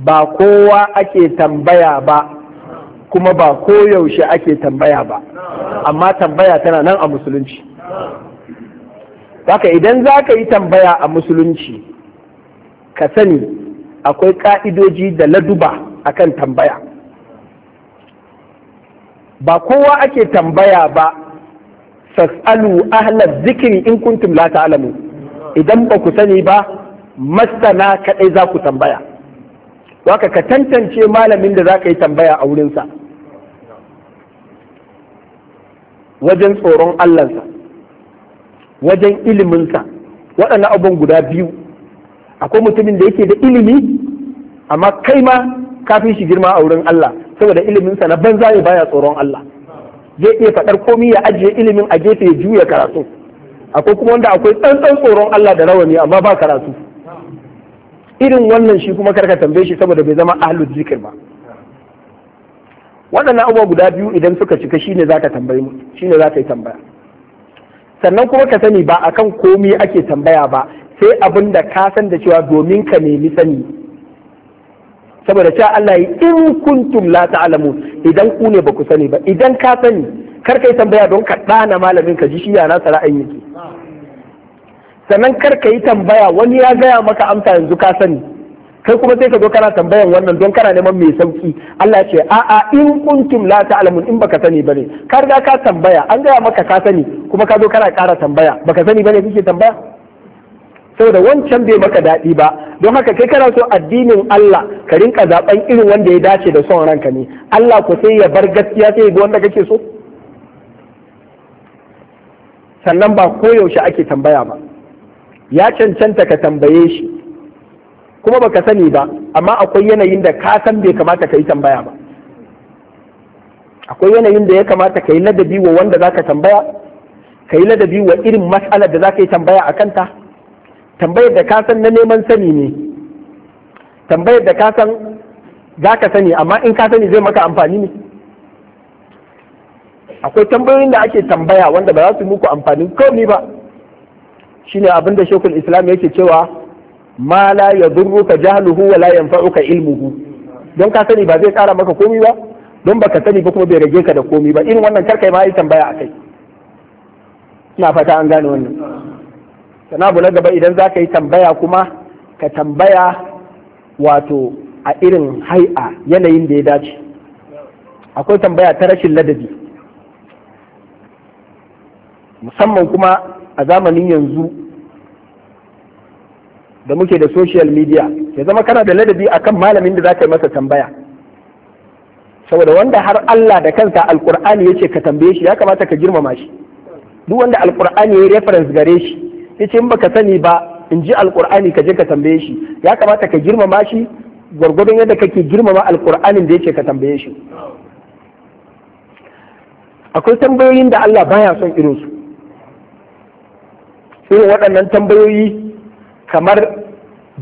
ba kowa ake tambaya ba kuma ba koyaushe ake tambaya ba amma tambaya tana nan a musulunci haka idan za ka yi tambaya a musulunci ka sani akwai ka'idoji da laduba akan tambaya ba kowa ake tambaya ba fas'alu ahla zikiri in kuntum la ta'lamu idan ba ku sani ba masana kaɗai za ku tambaya Waka ka tantance malamin da za ka yi tambaya a wurinsa. wajen tsoron Allahnsa wajen iliminsa waɗannan abin guda biyu akwai mutumin da yake da ilimi amma kai ma kafin shi girma a wurin Allah saboda iliminsa na banza ya baya tsoron Allah zai iya faɗar komi ya ajiye ilimin a gefe ya juya karatu akwai kuma wanda akwai ɗanɗan tsoron Allah da rawani amma ba karatu irin wannan shi kuma karka tambaye shi saboda bai zama ahlul zikir ba waɗannan abubuwa guda biyu idan suka cika shine zaka tambayi shine zaka yi tambaya sannan kuma ka sani ba akan komai ake tambaya ba sai abin da ka san da cewa domin ka nemi sani saboda cewa Allah yi in kuntum la ta'lamu idan ku ne ku sani ba idan ka sani kar ka yi tambaya don ka ɗana malamin ka ji shi yana sa ra'ayin yake sannan kar ka yi tambaya wani ya gaya maka amsa yanzu ka sani kai kuma sai ka zo kana tambayan wannan don kana neman mai sauki Allah ya ce a'a in kuntum la ta'lamun in baka sani bane ka riga ka tambaya an gaya maka ka sani kuma ka zo kana kara tambaya baka sani bane kike tambaya saboda wancan bai maka daɗi ba don haka kai kana so addinin Allah ka rinka zaben irin wanda ya dace da son ranka ne Allah ku sai ya bar gaskiya sai ga wanda kake so sannan ba koyaushe ake tambaya ba ya cancanta ka tambaye shi kuma baka sani ba amma akwai yanayin da ka san bai kamata ka yi tambaya ba akwai yanayin da ya kamata ka yi ladabi wa wanda za ka tambaya ka yi ladabi wa irin matsalar da za ka yi tambaya a kanta tambayar da ka san na neman sani ne tambayar da ka san za ka sani amma in ka sani zai maka amfani ne akwai tambayoyin da ake tambaya wanda ba za su muku amfani komi ba shine abin da shekul islam yake cewa ma la ka jahluhu wa la yanfa'uka ilmuhu don ka sani ba zai kara maka komi ba don baka sani ba kuma bai rage ka da komi ba irin wannan karkai ma yi tambaya akai ina fata an gane wannan sana na gaba idan za ka yi tambaya kuma ka tambaya wato a irin hai'a yanayin da ya dace akwai tambaya ta rashin ladabi musamman kuma a zamanin yanzu da muke da social media ya zama kana da ladabi akan malamin da za ka yi masa tambaya saboda wanda har Allah da kansa alkur'ani ya ce ka tambaye shi ya kamata ka girmama shi duk wanda alkur'ani ya yi reference gare shi ya ce in baka sani ba in ji alkur'ani ka je ka tambaye shi ya kamata ka girmama shi gwargwadon yadda kake girmama alkur'anin da ya ce ka tambaye shi akwai tambayoyin da Allah baya son irinsu irin waɗannan tambayoyi kamar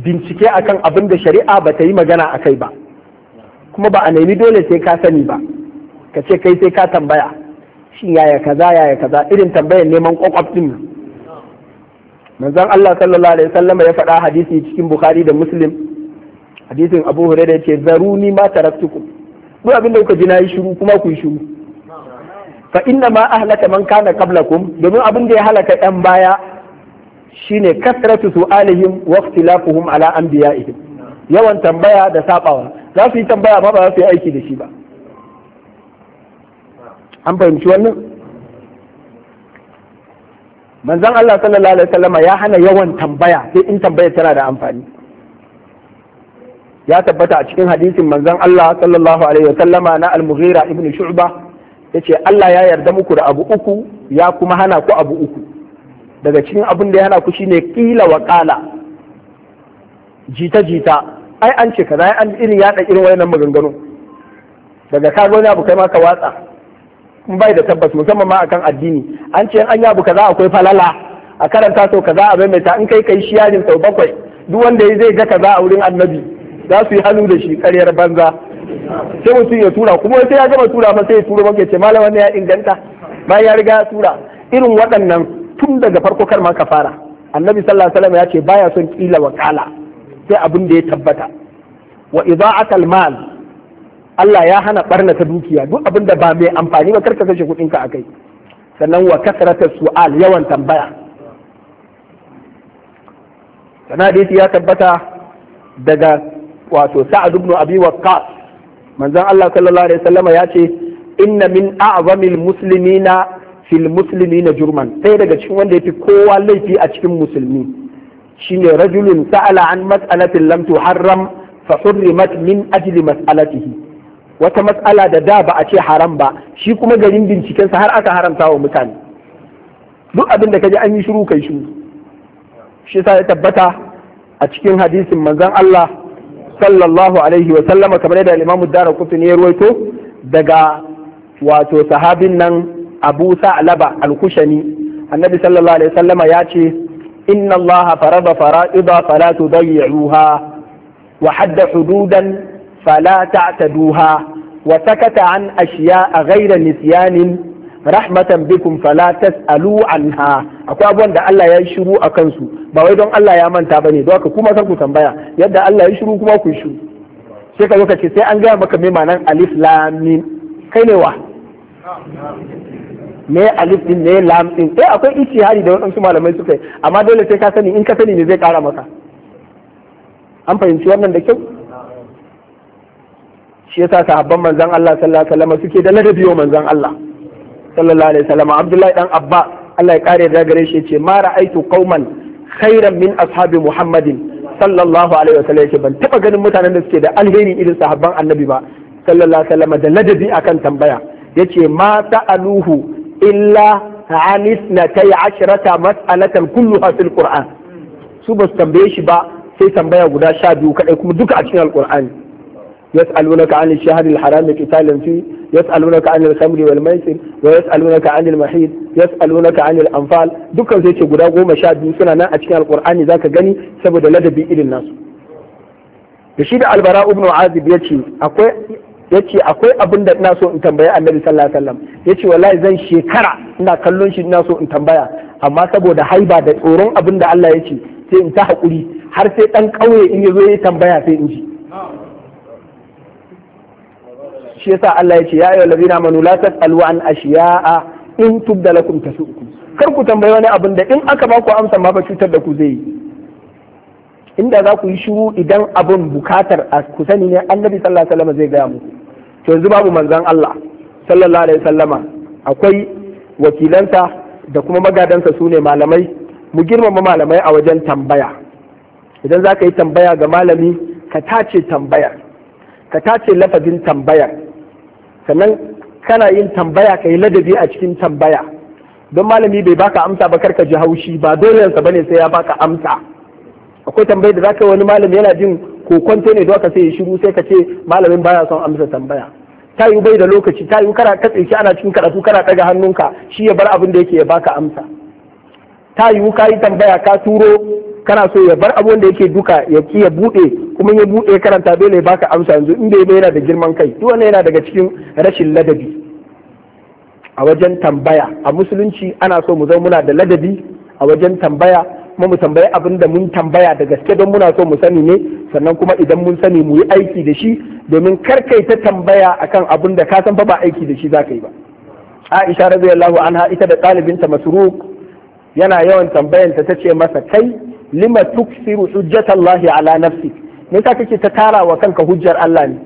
bincike akan abin da shari'a ba ta yi magana a kai ba kuma ba a nemi dole sai ka sani ba ka ce kai sai ka tambaya shin yaya kaza yaya kaza irin tambayar neman kwakwaf din nan manzon Allah sallallahu alaihi wasallam ya faɗa hadisi cikin Bukhari da Muslim hadisin Abu Hurairah yace zaruni ma taraktukum duk abin da kuka ji nayi shiru kuma ku yi shiru fa inna ma ahlaka man kana qablakum domin abin da ya halaka yan baya shine kasratu su'alihim wa ikhtilafuhum ala anbiya'ihim yawan tambaya da sabawa za su yi tambaya amma ba za su yi aiki da shi ba an fahimci wannan manzon Allah sallallahu alaihi wasallama ya hana yawan tambaya sai in tambaya tana da amfani ya tabbata a cikin hadisin manzon Allah sallallahu alaihi wasallama na al-Mughira ibn Shu'ba yace Allah ya yarda muku da abu uku ya kuma hana ku abu uku daga cikin abin da ya hana ku shine kila wa kala jita jita ai an ce kaza an irin yada irin wayannan maganganu daga ka ga abu kai ma watsa in bai da tabbas musamman ma akan addini an ce an yi kaza akwai falala a karanta sau kaza a maimaita in kai kai shiyarin sau bakwai duk wanda ya zai ga kaza a wurin annabi za su yi hannu da shi karyar banza sai mutum ya tura kuma sai ya gama tura ma sai ya tura maka ya ce malam wannan ya inganta bayan ya riga ya tura irin waɗannan tun daga farko kar ma ka fara annabi sallallahu alaihi ya ce baya son kila wa kala sai abin da ya tabbata wa ida'atal mal Allah ya hana barna ta dukiya duk abin da ba mai amfani ba karka kashe kudin ka akai sannan wa kasrata su'al yawan tambaya sanadisi ya tabbata daga wato sa'ad ibn abi waqqas manzon Allah sallallahu alaihi wasallam ya ce inna min a'zamil muslimina fil musulmi na jurman ɗaya daga cikin wanda ya fi kowa laifi a cikin musulmi shine rajulun sa'ala an mas'alatin lam tuharram fa hurrimat min ajli mas'alatihi wata matsala da da ba a ce haram ba shi kuma garin bincikensa har aka haramta wa mutane duk abin da je an yi shiru kai shi shi sa ya tabbata a cikin hadisin manzon Allah sallallahu alaihi wa sallama kamar da Imam Dara Qutni ya ruwaito daga wato sahabin nan abu sa'laba al-kushani annabi sallallahu alaihi wasallama ya ce inna Allah farada fara'ida fala tudayyi'uha wa hadda hududan fala ta'taduha wa sakata an ashiya'a ghayra nisyanin rahmatan bikum fala tas'alu anha akwai abubuwan da Allah ya yi shiru a kansu ba wai don Allah ya manta ba ne haka kuma san ku tambaya yadda Allah ya yi shiru kuma ku yi shiru sai ka ce sai an gaya maka mai ma'anar alif lamin kai ne wa me alif din me lam din eh akwai ijtihadi da waɗansu malamai suka yi amma dole sai ka sani in ka sani ne zai ƙara maka an fahimci wannan da kyau shi yasa sahabban manzon Allah sallallahu alaihi wasallam suke da ladabi wa manzon Allah sallallahu alaihi wasallam Abdullahi dan Abba Allah ya kare da gare shi ce ma ra'aitu qauman khairan min ashabi Muhammadin sallallahu alaihi wasallam yace ban taba ganin mutanen da suke da alheri irin sahabban Annabi ba sallallahu alaihi wasallam da ladabi akan tambaya yace ma ta'aluhu illa an na ta mas'alatan kulluha fil qur'an su ba su tambaye shi ba sai tambaya guda sha biyu kadai kuma duka a cikin alqur'ani yas'alunaka an ash-shahr al-haram qitalun fi yas'alunaka an al-khamri wal maisir wa yas'alunaka an al-mahid yas'alunaka an al-anfal dukkan sai ce guda goma sha biyu suna nan a cikin alqur'ani zaka gani saboda ladabi irin nasu da shi da albara ibn azib yace akwai Ya ce akwai abin da ina so in tambaya annabi sallallahu alaihi wasallam yace wallahi zan shekara ina kallon shi ina so in tambaya amma saboda haiba da tsoron abin da Allah ya ce sai in ta hakuri har sai dan kauye in yazo ya tambaya sai in ji shi yasa Allah ya ce ya ayyuhal ladina amanu la tasalu an ashiya'a in tubdalakum tasu'ukum kar ku tambayi wani abin da in aka ba ku amsa ma ba cutar da ku zai yi inda za ku yi shiru idan abin bukatar a ku sani ne annabi sallallahu alaihi wasallam zai gaya muku to yanzu babu manzan Allah sallallahu alaihi sallama akwai wakilansa da kuma magadansa sune malamai mu girmama malamai a wajen tambaya idan za ka yi tambaya ga malami ka tace tambayar ka tace lafazin tambayar sannan kana yin tambaya ka yi ladabi a cikin tambaya don malami bai baka amsa ba karka ji haushi ba sa bane sai ya baka amsa akwai tambayar da zaka wani malami yana jin ko kwanto ne doka sai ya shiru sai ka ce malamin baya son amsa tambaya ta yi bai da lokaci ta yi kana katse shi ana cikin karatu kana daga hannunka shi ya bar abin da yake ya baka amsa ta yi ka yi tambaya ka turo kana so ya bar abin da yake duka ya ki ya bude kuma ya bude karanta dole ya baka amsa yanzu in bai yana da girman kai duk wannan yana daga cikin rashin ladabi a wajen tambaya a musulunci ana so mu zama muna da ladabi a wajen tambaya kuma mu tambayi abin da mun tambaya da gaske don muna so mu sani ne sannan kuma idan mun sani mu yi aiki da shi domin karkai ta tambaya akan abin da ka san fa ba aiki da shi za ka yi ba Aisha radiyallahu anha ita da ɗalibinta Masruq yana yawan tambayanta ta ce masa kai lima tuksiru hujjatallahi ala nafsi me yasa kake ta tara wa kanka hujjar Allah ne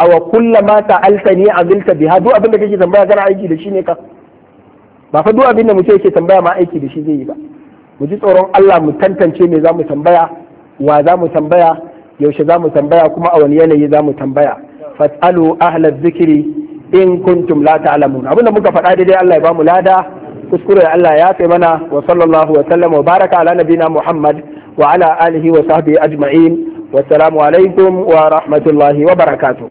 aw kullama ta'altani azilta biha duk abin da kake tambaya kana aiki da shi ne ka ba fa duk abin da mutum yake tambaya ma aiki da shi zai yi ba mu ji tsoron Allah mu tantance me za mu tambaya wa za mu tambaya yaushe za mu tambaya kuma a wani yanayi za mu tambaya fas'alu ahla zikiri in kuntum la ta'lamun abin da muka faɗa daidai Allah ya bamu lada kuskure Allah ya kai mana wa sallallahu wa sallam wa baraka ala nabina Muhammad wa ala alihi wa sahbihi ajma'in wa assalamu alaikum wa rahmatullahi wa barakatuh